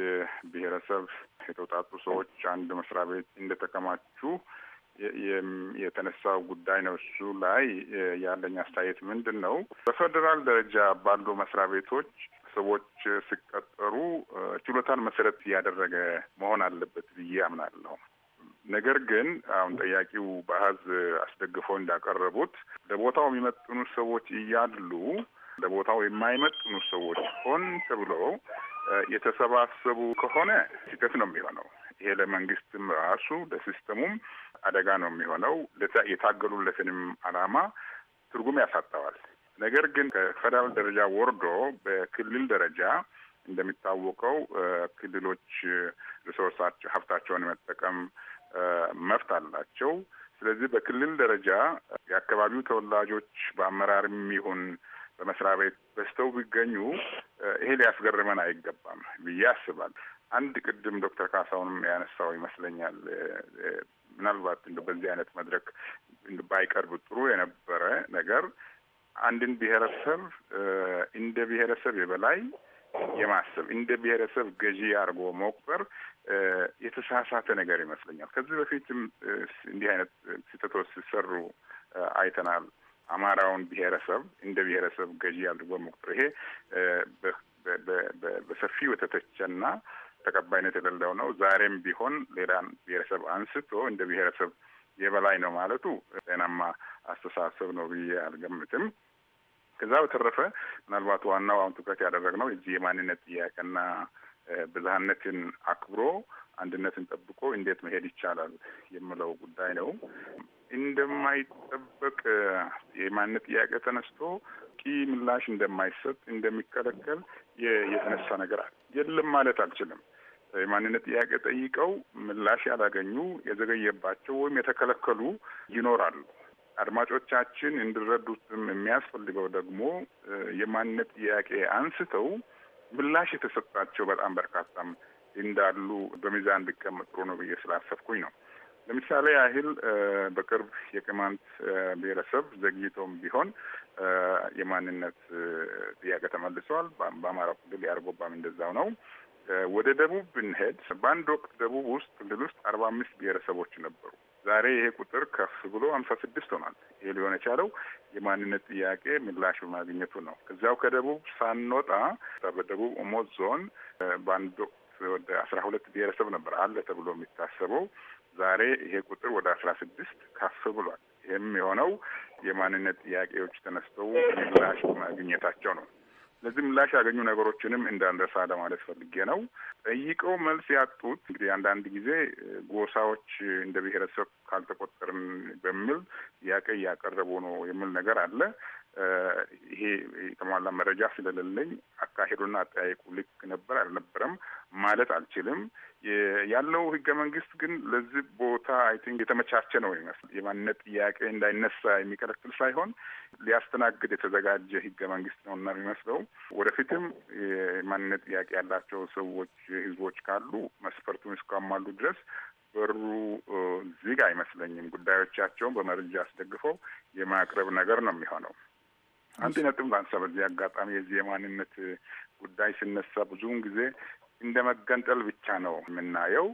ብሔረሰብ የተውጣጡ ሰዎች አንድ መስሪያ ቤት እንደተቀማችሁ የተነሳው ጉዳይ ነው። እሱ ላይ ያለኝ አስተያየት ምንድን ነው? በፌዴራል ደረጃ ባሉ መስሪያ ቤቶች ሰዎች ሲቀጠሩ ችሎታን መሰረት እያደረገ መሆን አለበት ብዬ አምናለሁ። ነገር ግን አሁን ጠያቂው በአሀዝ አስደግፈው እንዳቀረቡት ለቦታው የሚመጥኑ ሰዎች እያሉ ለቦታው የማይመጥኑ ሰዎች ሆን ተብሎ የተሰባሰቡ ከሆነ ስህተት ነው የሚሆነው። ይሄ ለመንግስትም ራሱ ለሲስተሙም አደጋ ነው የሚሆነው። የታገሉለትንም አላማ ትርጉም ያሳጠዋል። ነገር ግን ከፌደራል ደረጃ ወርዶ በክልል ደረጃ እንደሚታወቀው ክልሎች ሪሶርሳቸው ሀብታቸውን የመጠቀም መብት አላቸው። ስለዚህ በክልል ደረጃ የአካባቢው ተወላጆች በአመራርም ይሁን በመስሪያ ቤት በስተው ቢገኙ ይሄ ሊያስገርመን አይገባም ብዬ አስባለሁ። አንድ ቅድም ዶክተር ካሳውንም ያነሳው ይመስለኛል ምናልባት እንደ በዚህ አይነት መድረክ ባይቀርብ ጥሩ የነበረ ነገር አንድን ብሔረሰብ እንደ ብሔረሰብ የበላይ የማሰብ እንደ ብሔረሰብ ገዢ አድርጎ መቁጠር የተሳሳተ ነገር ይመስለኛል። ከዚህ በፊትም እንዲህ አይነት ስህተቶች ሲሰሩ አይተናል። አማራውን ብሔረሰብ እንደ ብሔረሰብ ገዢ አድርጎ መቁጠር ይሄ በሰፊው የተተቸና ተቀባይነት የሌለው ነው። ዛሬም ቢሆን ሌላን ብሔረሰብ አንስቶ እንደ ብሔረሰብ የበላይ ነው ማለቱ ጤናማ አስተሳሰብ ነው ብዬ አልገምትም። ከዛ በተረፈ ምናልባት ዋናው አሁን ትኩረት ያደረግነው እዚህ የማንነት ጥያቄና ብዝሃነትን አክብሮ አንድነትን ጠብቆ እንዴት መሄድ ይቻላል የምለው ጉዳይ ነው። እንደማይጠበቅ የማንነት ጥያቄ ተነስቶ ቂ ምላሽ እንደማይሰጥ እንደሚከለከል የተነሳ ነገር የለም ማለት አልችልም። የማንነት ጥያቄ ጠይቀው ምላሽ ያላገኙ የዘገየባቸው ወይም የተከለከሉ ይኖራሉ። አድማጮቻችን እንዲረዱትም የሚያስፈልገው ደግሞ የማንነት ጥያቄ አንስተው ምላሽ የተሰጣቸው በጣም በርካታም እንዳሉ በሚዛን ቢቀመጥ ጥሩ ነው ብዬ ስላሰብኩኝ ነው። ለምሳሌ ያህል በቅርብ የቅማንት ብሔረሰብ ዘግይቶም ቢሆን የማንነት ጥያቄ ተመልሰዋል። በአማራ ክልል የአርጎባም እንደዛው ነው። ወደ ደቡብ ብንሄድ በአንድ ወቅት ደቡብ ውስጥ ክልል ውስጥ አርባ አምስት ብሔረሰቦች ነበሩ። ዛሬ ይሄ ቁጥር ከፍ ብሎ ሀምሳ ስድስት ሆኗል። ይሄ ሊሆን የቻለው የማንነት ጥያቄ ምላሽ በማግኘቱ ነው። ከዚያው ከደቡብ ሳንወጣ በደቡብ ኦሞ ዞን በአንድ ወቅት ወደ አስራ ሁለት ብሔረሰብ ነበር አለ ተብሎ የሚታሰበው ዛሬ ይሄ ቁጥር ወደ አስራ ስድስት ከፍ ብሏል። ይህም የሆነው የማንነት ጥያቄዎች ተነስተው ምላሽ በማግኘታቸው ነው። ለዚህ ምላሽ ያገኙ ነገሮችንም እንዳንረሳ ለማለት ፈልጌ ነው። ጠይቀው መልስ ያጡት እንግዲህ አንዳንድ ጊዜ ጎሳዎች እንደ ብሔረሰብ ካልተቆጠርን በሚል ጥያቄ እያቀረቡ ነው የሚል ነገር አለ። ይሄ የተሟላ መረጃ ስለሌለኝ አካሄዱና አጠያየቁ ልክ ነበር አልነበረም ማለት አልችልም። ያለው ህገ መንግስት ግን ለዚህ ቦታ አይ ቲንክ የተመቻቸ ነው ይመስል የማንነት ጥያቄ እንዳይነሳ የሚከለክል ሳይሆን ሊያስተናግድ የተዘጋጀ ህገ መንግስት ነው እና የሚመስለው ወደፊትም የማንነት ጥያቄ ያላቸው ሰዎች፣ ህዝቦች ካሉ መስፈርቱን እስካሟሉ ድረስ በሩ ዝግ አይመስለኝም። ጉዳዮቻቸውን በመረጃ አስደግፈው የማቅረብ ነገር ነው የሚሆነው። አንድ ነጥብ ባንሳ በዚህ አጋጣሚ የዚህ የማንነት ጉዳይ ሲነሳ ብዙውን ጊዜ እንደ መገንጠል ብቻ ነው የምናየው።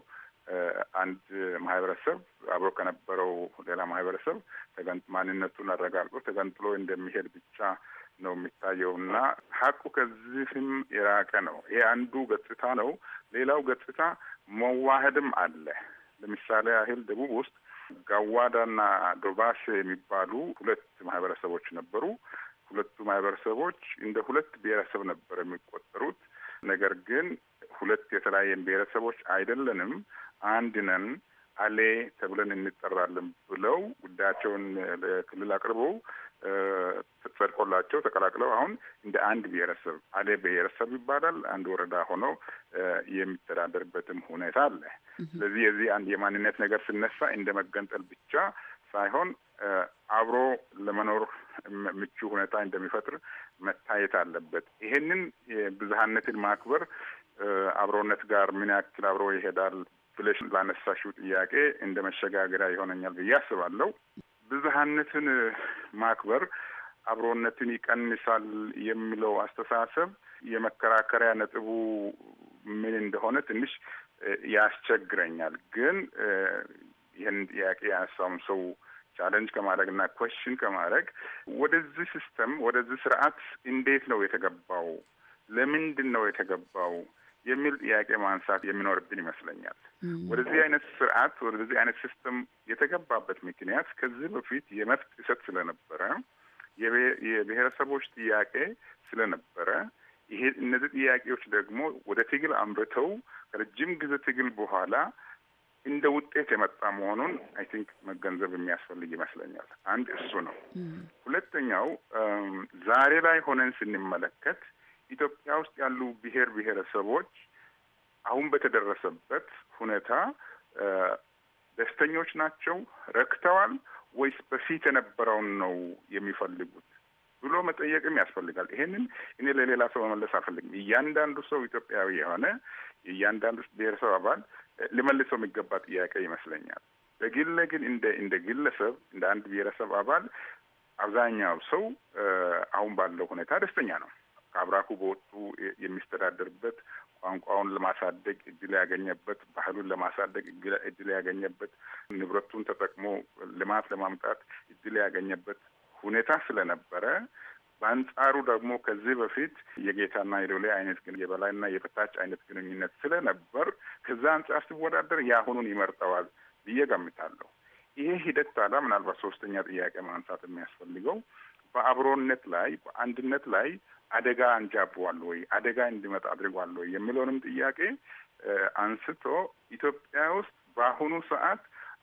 አንድ ማህበረሰብ አብሮ ከነበረው ሌላ ማህበረሰብ ማንነቱን አረጋግጦ ተገንጥሎ እንደሚሄድ ብቻ ነው የሚታየው እና ሀቁ ከዚህም የራቀ ነው። ይሄ አንዱ ገጽታ ነው። ሌላው ገጽታ መዋህድም አለ። ለምሳሌ ያህል ደቡብ ውስጥ ጋዋዳና ዶባሴ የሚባሉ ሁለት ማህበረሰቦች ነበሩ። ሁለቱ ማህበረሰቦች እንደ ሁለት ብሔረሰብ ነበር የሚቆጠሩት። ነገር ግን ሁለት የተለያየን ብሔረሰቦች አይደለንም፣ አንድ ነን አሌ ተብለን እንጠራለን ብለው ጉዳያቸውን ለክልል አቅርበው ተጸድቆላቸው ተቀላቅለው አሁን እንደ አንድ ብሔረሰብ አሌ ብሔረሰብ ይባላል። አንድ ወረዳ ሆኖ የሚተዳደርበትም ሁኔታ አለ። ስለዚህ የዚህ አንድ የማንነት ነገር ስነሳ እንደ መገንጠል ብቻ ሳይሆን አብሮ ለመኖር ምቹ ሁኔታ እንደሚፈጥር መታየት አለበት። ይሄንን ብዝሃነትን ማክበር አብሮነት ጋር ምን ያክል አብሮ ይሄዳል ብለሽ ላነሳሽው ጥያቄ እንደ መሸጋገሪያ ይሆነኛል ብዬ አስባለሁ። ብዝሃነትን ማክበር አብሮነትን ይቀንሳል የሚለው አስተሳሰብ የመከራከሪያ ነጥቡ ምን እንደሆነ ትንሽ ያስቸግረኛል። ግን ይህን ጥያቄ ያነሳውን ሰው ቻለንጅ እና ኮሽን ከማድረግ ወደዚህ ሲስተም ወደዚህ ስርዓት እንዴት ነው የተገባው፣ ለምንድን ነው የተገባው የሚል ጥያቄ ማንሳት የሚኖርብን ይመስለኛል። ወደዚህ አይነት ስርዓት ወደዚህ አይነት ሲስተም የተገባበት ምክንያት ከዚህ በፊት የመብት ጥሰት ስለነበረ፣ የብሔረሰቦች ጥያቄ ስለነበረ ይሄ እነዚህ ጥያቄዎች ደግሞ ወደ ትግል አምርተው ከረጅም ጊዜ ትግል በኋላ እንደ ውጤት የመጣ መሆኑን አይ ቲንክ መገንዘብ የሚያስፈልግ ይመስለኛል። አንድ እሱ ነው። ሁለተኛው ዛሬ ላይ ሆነን ስንመለከት ኢትዮጵያ ውስጥ ያሉ ብሔር ብሔረሰቦች አሁን በተደረሰበት ሁኔታ ደስተኞች ናቸው፣ ረክተዋል ወይስ በፊት የነበረውን ነው የሚፈልጉት ብሎ መጠየቅም ያስፈልጋል። ይሄንን እኔ ለሌላ ሰው መመለስ አልፈልግም። እያንዳንዱ ሰው ኢትዮጵያዊ የሆነ የእያንዳንዱ ብሔረሰብ አባል ሊመልሰው የሚገባ ጥያቄ ይመስለኛል። በግል ግን እንደ እንደ ግለሰብ እንደ አንድ ብሔረሰብ አባል አብዛኛው ሰው አሁን ባለው ሁኔታ ደስተኛ ነው። ከአብራኩ በወጡ የሚስተዳደርበት ቋንቋውን ለማሳደግ እድል ያገኘበት፣ ባህሉን ለማሳደግ እድል ያገኘበት፣ ንብረቱን ተጠቅሞ ልማት ለማምጣት እድል ያገኘበት ሁኔታ ስለነበረ በአንጻሩ ደግሞ ከዚህ በፊት የጌታና የዶሌ አይነት ግን የበላይና የበታች አይነት ግንኙነት ስለነበር ከዛ አንጻር ሲወዳደር የአሁኑን ይመርጠዋል ብዬ ገምታለሁ። ይሄ ሂደት ታዲያ ምናልባት ሶስተኛ ጥያቄ ማንሳት የሚያስፈልገው በአብሮነት ላይ በአንድነት ላይ አደጋ አንጃቧል ወይ አደጋ እንዲመጣ አድርጓል ወይ የሚለውንም ጥያቄ አንስቶ ኢትዮጵያ ውስጥ በአሁኑ ሰዓት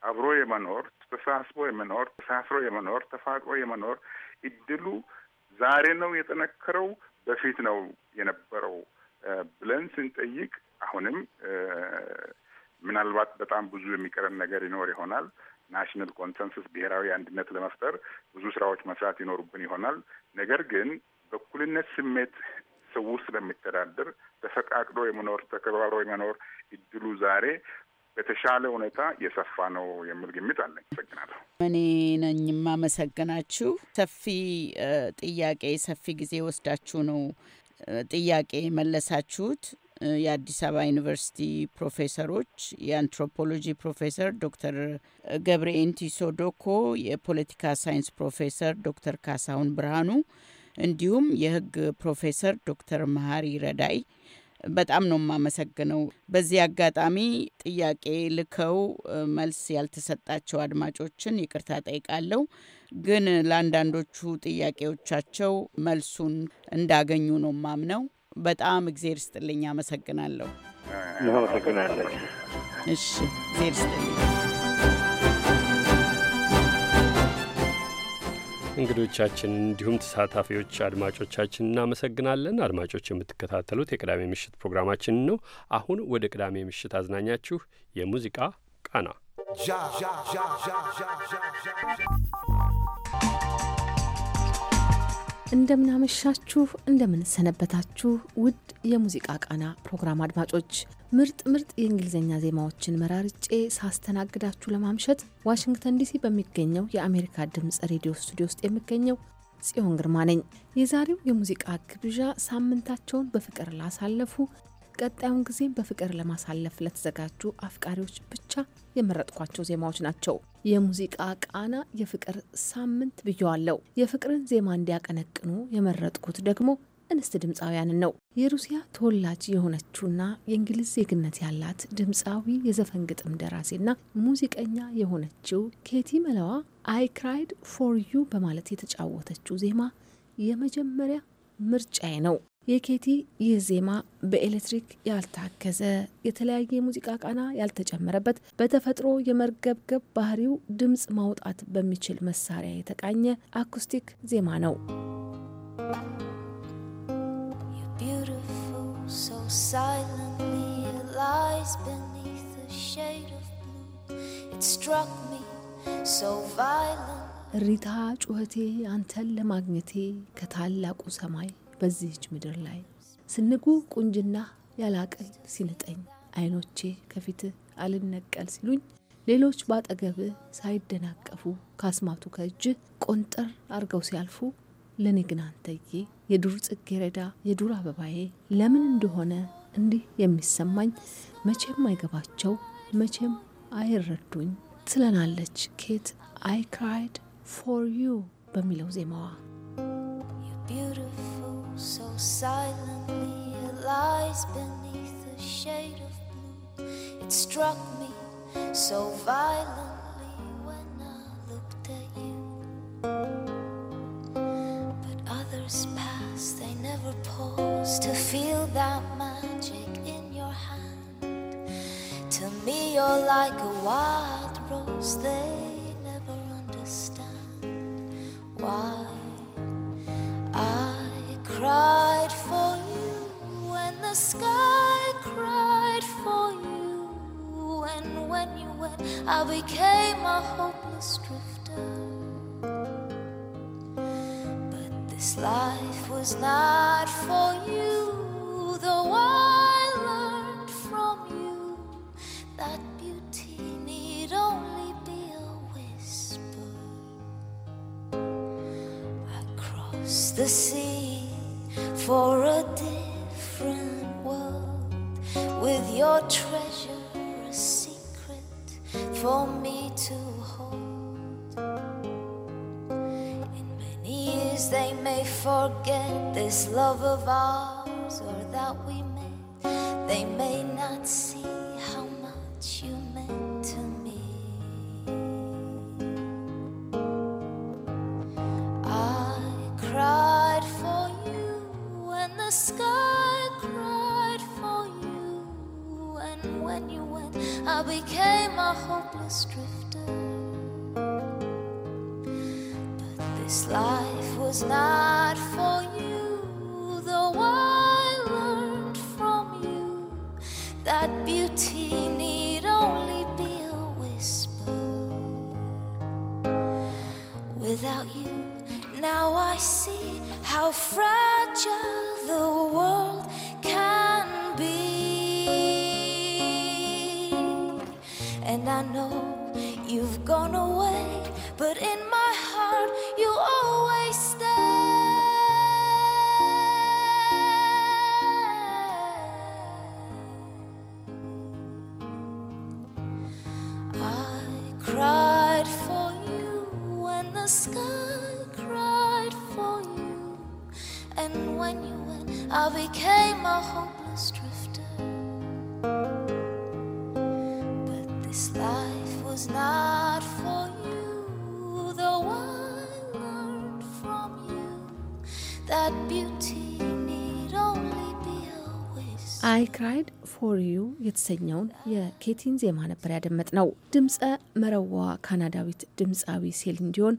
አብሮ የመኖር ተሳስቦ የመኖር ተሳስሮ የመኖር ተፋቅሮ የመኖር እድሉ ዛሬ ነው የጠነከረው በፊት ነው የነበረው ብለን ስንጠይቅ አሁንም ምናልባት በጣም ብዙ የሚቀረን ነገር ይኖር ይሆናል። ናሽናል ኮንሰንሰስ ብሔራዊ አንድነት ለመፍጠር ብዙ ስራዎች መስራት ይኖሩብን ይሆናል። ነገር ግን በእኩልነት ስሜት ሰው ስለሚተዳደር ተፈቃቅዶ የመኖር ተከባብሮ የመኖር እድሉ ዛሬ በተሻለ ሁኔታ እየሰፋ ነው የሚል ግምት አለኝ። አመሰግናለሁ። እኔ ነኝ የማመሰግናችሁ። ሰፊ ጥያቄ ሰፊ ጊዜ ወስዳችሁ ነው ጥያቄ መለሳችሁት። የአዲስ አበባ ዩኒቨርሲቲ ፕሮፌሰሮች የአንትሮፖሎጂ ፕሮፌሰር ዶክተር ገብርኤን ቲሶ ዶኮ፣ የፖለቲካ ሳይንስ ፕሮፌሰር ዶክተር ካሳሁን ብርሃኑ እንዲሁም የሕግ ፕሮፌሰር ዶክተር መሀሪ ረዳይ በጣም ነው የማመሰግነው። በዚህ አጋጣሚ ጥያቄ ልከው መልስ ያልተሰጣቸው አድማጮችን ይቅርታ ጠይቃለሁ። ግን ለአንዳንዶቹ ጥያቄዎቻቸው መልሱን እንዳገኙ ነው ማምነው። በጣም እግዜር ስጥልኝ፣ አመሰግናለሁ። እሺ እግዜር ስጥልኝ። እንግዶቻችን እንዲሁም ተሳታፊዎች አድማጮቻችን እናመሰግናለን። አድማጮች የምትከታተሉት የቅዳሜ ምሽት ፕሮግራማችን ነው። አሁን ወደ ቅዳሜ ምሽት አዝናኛችሁ የሙዚቃ ቃና እንደምናመሻችሁ እንደምንሰነበታችሁ ውድ የሙዚቃ ቃና ፕሮግራም አድማጮች ምርጥ ምርጥ የእንግሊዝኛ ዜማዎችን መራርጬ ሳስተናግዳችሁ ለማምሸት ዋሽንግተን ዲሲ በሚገኘው የአሜሪካ ድምፅ ሬዲዮ ስቱዲዮ ውስጥ የሚገኘው ጽዮን ግርማ ነኝ። የዛሬው የሙዚቃ ግብዣ ሳምንታቸውን በፍቅር ላሳለፉ ቀጣዩን ጊዜም በፍቅር ለማሳለፍ ለተዘጋጁ አፍቃሪዎች ብቻ የመረጥኳቸው ዜማዎች ናቸው። የሙዚቃ ቃና የፍቅር ሳምንት ብየዋለው። የፍቅርን ዜማ እንዲያቀነቅኑ የመረጥኩት ደግሞ እንስት ድምፃውያንን ነው። የሩሲያ ተወላጅ የሆነችውና የእንግሊዝ ዜግነት ያላት ድምፃዊ የዘፈን ግጥም ደራሲና ሙዚቀኛ የሆነችው ኬቲ መለዋ አይ ክራይድ ፎር ዩ በማለት የተጫወተችው ዜማ የመጀመሪያ ምርጫዬ ነው። የኬቲ ይህ ዜማ በኤሌክትሪክ ያልታገዘ የተለያየ የሙዚቃ ቃና ያልተጨመረበት በተፈጥሮ የመርገብገብ ባህሪው ድምፅ ማውጣት በሚችል መሳሪያ የተቃኘ አኩስቲክ ዜማ ነው። ሪታ ጩኸቴ አንተን ለማግኘቴ ከታላቁ ሰማይ በዚህች ምድር ላይ ስንጉ ቁንጅና ያላቅል ሲንጠኝ አይኖቼ ከፊት አልነቀል ሲሉኝ ሌሎች በአጠገብ ሳይደናቀፉ ካስማቱ ከእጅ ቆንጠር አርገው ሲያልፉ ለእኔ ግን አንተዬ የዱር ጽጌረዳ የዱር አበባዬ ለምን እንደሆነ እንዲህ የሚሰማኝ መቼም አይገባቸው መቼም አይረዱኝ ትለናለች ኬት አይ ክራይድ ፎር ዩ በሚለው ዜማዋ silently it lies beneath a shade of blue. It struck me so violently when I looked at you. But others pass, they never pause to feel that magic in your hand. To me, you're like a wild rose, they never understand why I cry the sky cried for you, and when you went, I became a hopeless drifter. But this life was not for you, though I learned from you that beauty need only be a whisper. I crossed the sea for a different your treasure a secret for me to hold. In many years, they may forget this love of ours. አይ ክራይድ ፎር ዩ የተሰኘውን የኬቲን ዜማ ነበር ያደመጥ ነው። ድምፀ መረዋ ካናዳዊት ድምፃዊ ሴሊን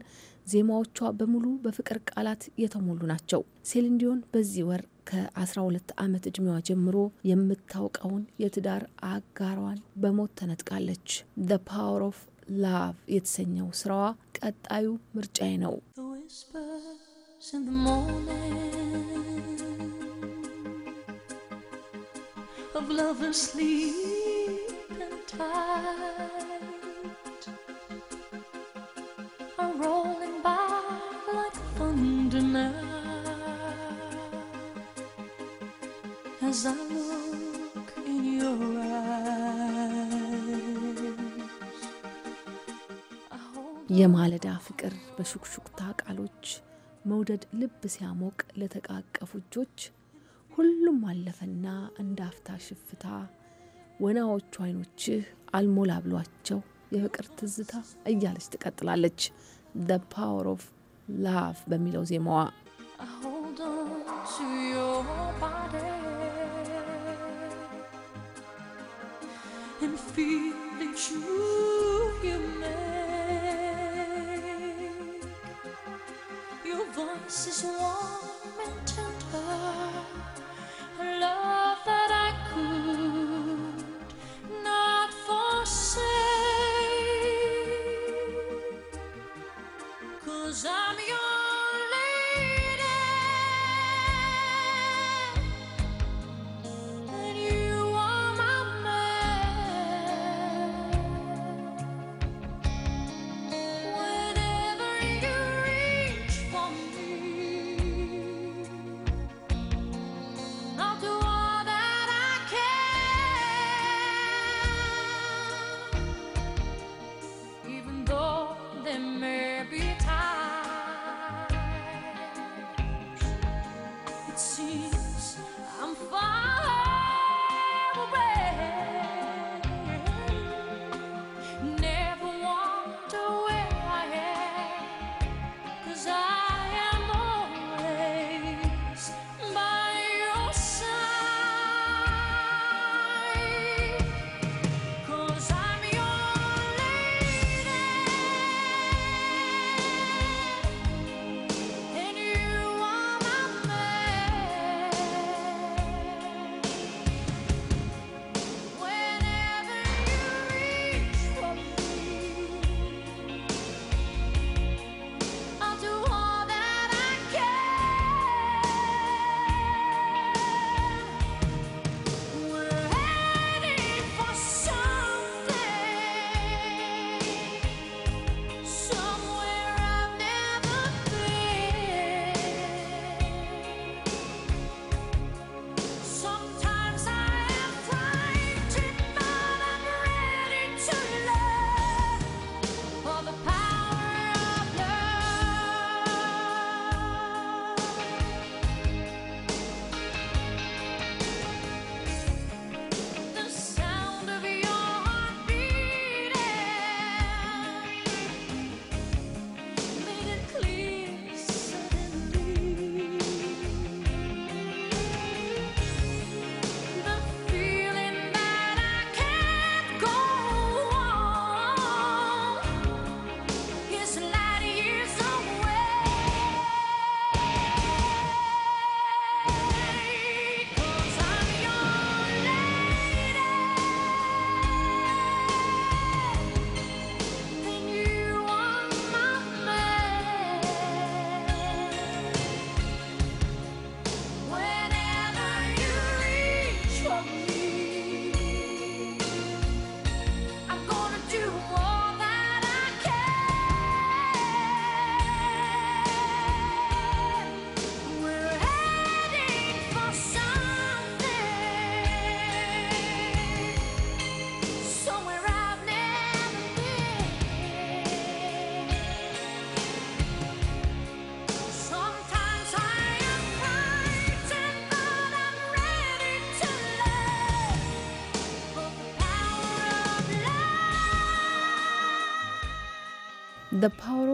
ዜማዎቿ በሙሉ በፍቅር ቃላት የተሞሉ ናቸው። ሴሊን በዚህ ወር ከ12 ዓመት እድሜዋ ጀምሮ የምታውቀውን የትዳር አጋሯን በሞት ተነጥቃለች። ዘ ፓወር ኦፍ ላቭ የተሰኘው ስራዋ ቀጣዩ ምርጫዬ ነው። የማለዳ ፍቅር በሹክሹክታ ቃሎች መውደድ ልብ ሲያሞቅ ለተቃቀፉ እጆች ሁሉም አለፈና እንዳፍታ ሽፍታ ወናዎቹ አይኖችህ አልሞላ ብሏቸው የፍቅር ትዝታ እያለች ትቀጥላለች። ደ ፓወር ኦፍ ላቭ በሚለው ዜማዋ feel 是说我们真。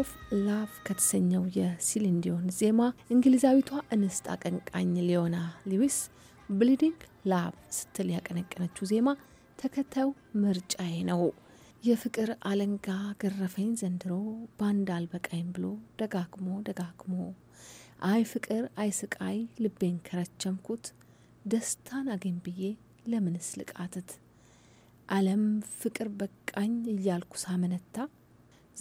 ኦፍ ላቭ ከተሰኘው የሲሊን ዲዮን ዜማ እንግሊዛዊቷ እንስት አቀንቃኝ ሊዮና ሊዊስ ብሊዲንግ ላቭ ስትል ያቀነቀነችው ዜማ ተከታዩ ምርጫዬ ነው። የፍቅር አለንጋ ገረፈኝ ዘንድሮ ባንድ አልበቃኝ ብሎ ደጋግሞ ደጋግሞ አይ ፍቅር አይ ስቃይ ልቤን ከረቸምኩት ደስታን አገኝ ብዬ ለምንስ ልቃትት አለም ፍቅር በቃኝ እያልኩ ሳመነታ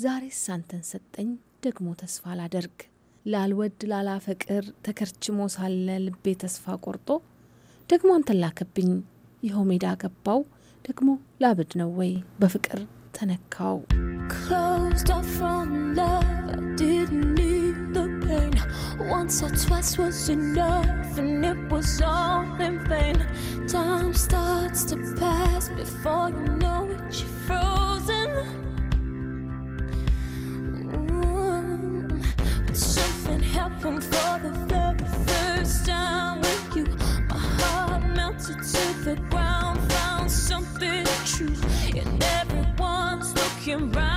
ዛሬ ሳንተን ሰጠኝ ደግሞ ተስፋ ላደርግ ላልወድ ላላፈቅር ተከርችሞ ሳለ ልቤ ተስፋ ቆርጦ ደግሞ አንተን ላከብኝ ይኸው ሜዳ ገባው ደግሞ ላብድ ነው ወይ በፍቅር ተነካው Once or twice was enough, and it was all in vain. Time starts to pass before you know it, you're frozen. can happen for the very first time with you. My heart melted to the ground, found something true, and everyone's looking right.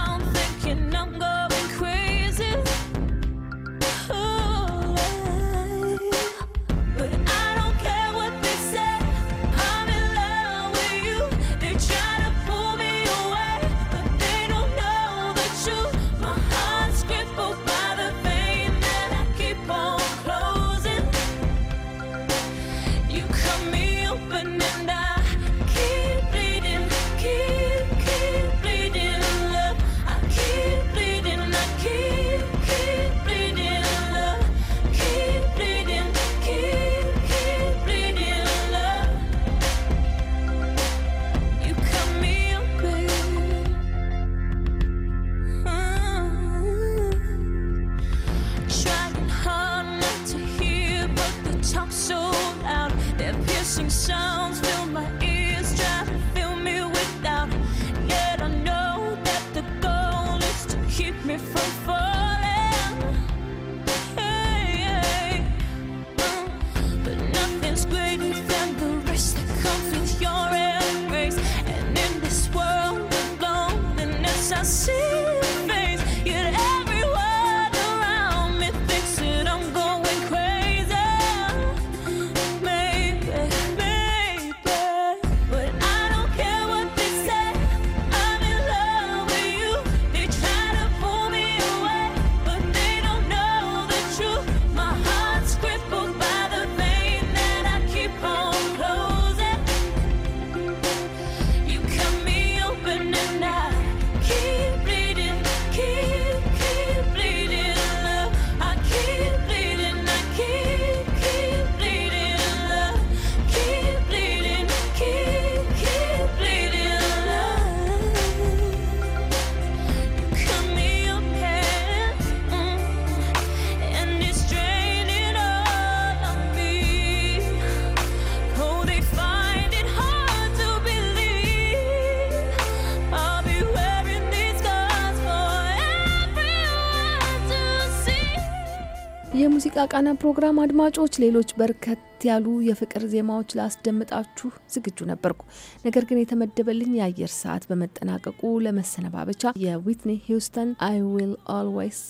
ቃና ፕሮግራም አድማጮች ሌሎች በርከት ያሉ የፍቅር ዜማዎች ላስደምጣችሁ ዝግጁ ነበርኩ። ነገር ግን የተመደበልኝ የአየር ሰዓት በመጠናቀቁ ለመሰነባበቻ የዊትኒ ሂውስተን አይ ዊል ኦልዌይስ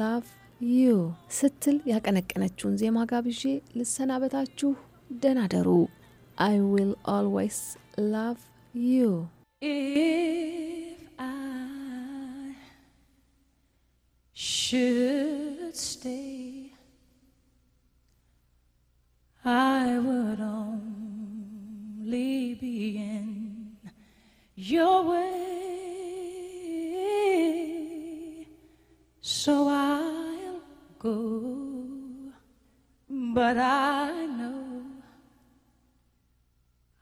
ላቭ ዩ ስትል ያቀነቀነችውን ዜማ ጋብዤ ልሰናበታችሁ። ደህና ደሩ። አይ ዊል ኦልዌይስ ላቭ ዩ should stay I would only be in your way. So I'll go, but I know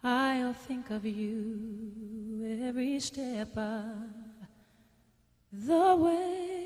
I'll think of you every step of the way.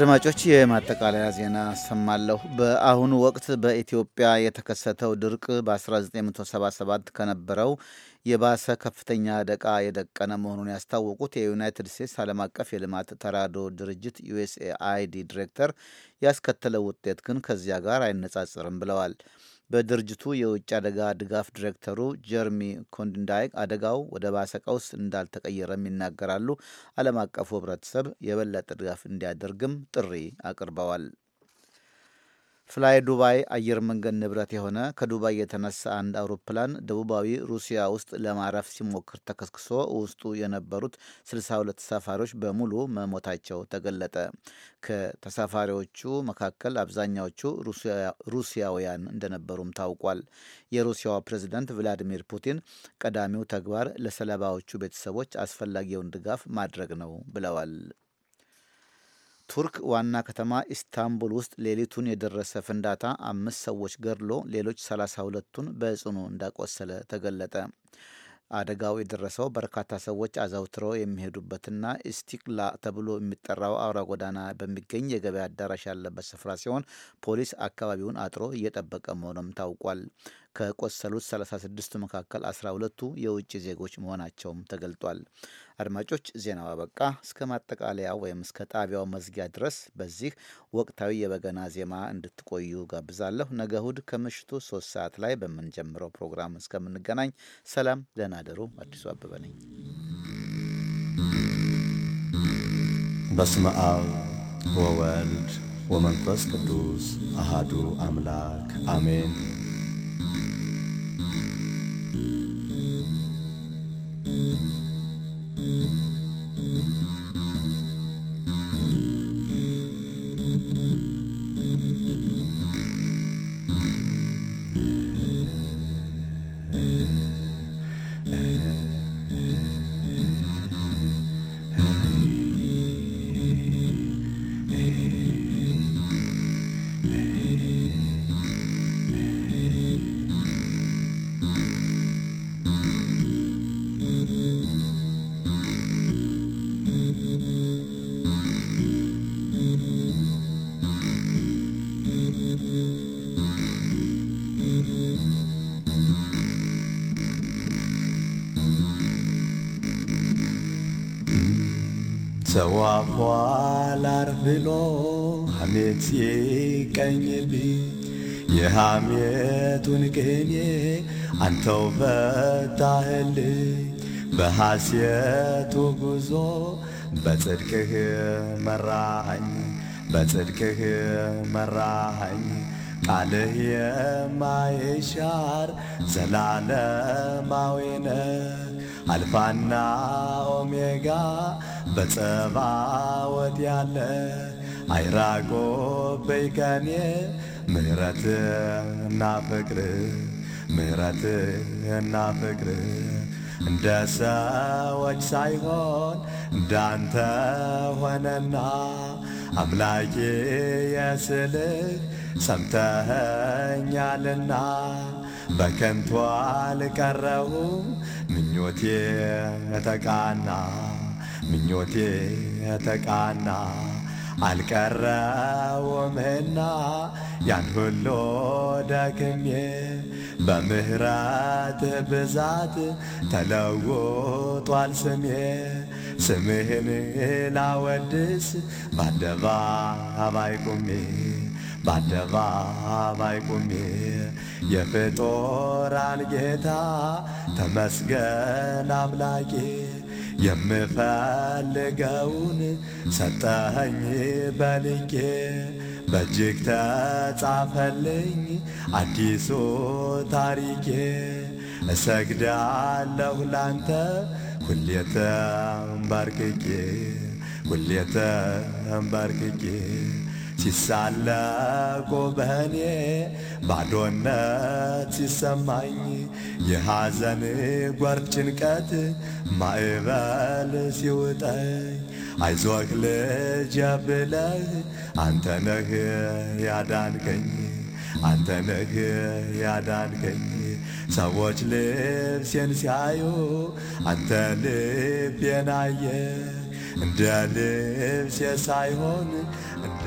አድማጮች የማጠቃለያ ዜና አሰማለሁ። በአሁኑ ወቅት በኢትዮጵያ የተከሰተው ድርቅ በ1977 ከነበረው የባሰ ከፍተኛ አደጋ የደቀነ መሆኑን ያስታወቁት የዩናይትድ ስቴትስ ዓለም አቀፍ የልማት ተራድኦ ድርጅት ዩኤስኤአይዲ ዲሬክተር፣ ያስከተለው ውጤት ግን ከዚያ ጋር አይነጻጽርም ብለዋል። በድርጅቱ የውጭ አደጋ ድጋፍ ዲሬክተሩ ጀርሚ ኮንድንዳይክ አደጋው ወደ ባሰ ቀውስ እንዳልተቀየረም ይናገራሉ። ዓለም አቀፉ ሕብረተሰብ የበለጠ ድጋፍ እንዲያደርግም ጥሪ አቅርበዋል። ፍላይ ዱባይ አየር መንገድ ንብረት የሆነ ከዱባይ የተነሳ አንድ አውሮፕላን ደቡባዊ ሩሲያ ውስጥ ለማረፍ ሲሞክር ተከስክሶ ውስጡ የነበሩት 62 ተሳፋሪዎች በሙሉ መሞታቸው ተገለጠ። ከተሳፋሪዎቹ መካከል አብዛኛዎቹ ሩሲያውያን እንደነበሩም ታውቋል። የሩሲያው ፕሬዝደንት ቭላዲሚር ፑቲን ቀዳሚው ተግባር ለሰለባዎቹ ቤተሰቦች አስፈላጊውን ድጋፍ ማድረግ ነው ብለዋል። ቱርክ ዋና ከተማ ኢስታንቡል ውስጥ ሌሊቱን የደረሰ ፍንዳታ አምስት ሰዎች ገድሎ ሌሎች 32ቱን በጽኑ እንዳቆሰለ ተገለጠ። አደጋው የደረሰው በርካታ ሰዎች አዘውትረው የሚሄዱበትና ኢስቲክላ ተብሎ የሚጠራው አውራ ጎዳና በሚገኝ የገበያ አዳራሽ ያለበት ስፍራ ሲሆን ፖሊስ አካባቢውን አጥሮ እየጠበቀ መሆኑም ታውቋል። ከቆሰሉት 36ቱ መካከል 12ቱ የውጭ ዜጎች መሆናቸውም ተገልጧል። አድማጮች፣ ዜናው አበቃ። እስከ ማጠቃለያ ወይም እስከ ጣቢያው መዝጊያ ድረስ በዚህ ወቅታዊ የበገና ዜማ እንድትቆዩ ጋብዛለሁ። ነገ እሁድ ከምሽቱ ሶስት ሰዓት ላይ በምንጀምረው ፕሮግራም እስከምንገናኝ ሰላም፣ ደህና ደሩ። አዲሱ አበበ ነኝ። በስመ አብ ወወልድ ወመንፈስ ቅዱስ አሃዱ አምላክ አሜን። Thank you. Mm-hmm. ተዋፏ ላርፍ ብሎ ሐሜት ሲቀኝብኝ የሐሜቱን ቅኔ አንተው ፈታህልኝ። በሐሴቱ ጉዞ በጽድቅህ መራኝ። በጽድቅህ መራኸኝ ቃልህ የማይሻር ዘላለማዊ ነህ አልፋና ኦሜጋ በጸባዖት ያለ አይራቆ በይከኔ ምሕረትህ እና ፍቅርህ ምሕረትህ እንደ ሰዎች ሳይሆን እንዳንተ ሆነና አምላኬ የስልህ ሰምተኸኛልና በከንቱ አልቀረሁም ምኞቴ ተቃና ምኞቴ ተቃና አልቀረውምና ያን ሁሉ ደክሜ በምህረት ብዛት ተለውጧል ስሜ ስምህን ላወድስ በአደባባይ ቆሜ በአደባባይ ቆሜ የፍጦራን ጌታ ተመስገን አምላኬ የምፈልገውን ሰጠኝ በልጌ በእጅግ ተጻፈልኝ አዲሱ ታሪኬ እሰግዳለሁ ላንተ ሁሌ ተንበርክኬ ሁሌ ተንበርክኬ ሲሳለቁ ባዶነት ሲሰማኝ የሐዘን ጓር ጭንቀት ማዕበል ሲውጠኝ አይዞህ ልጄ ብለህ አንተ ነህ ያዳንከኝ አንተ ነህ ያዳንከኝ ሰዎች ልብሴን ሲያዩ አንተ ልቤን አየ እንደ ልብሴ ሳይሆን እንደ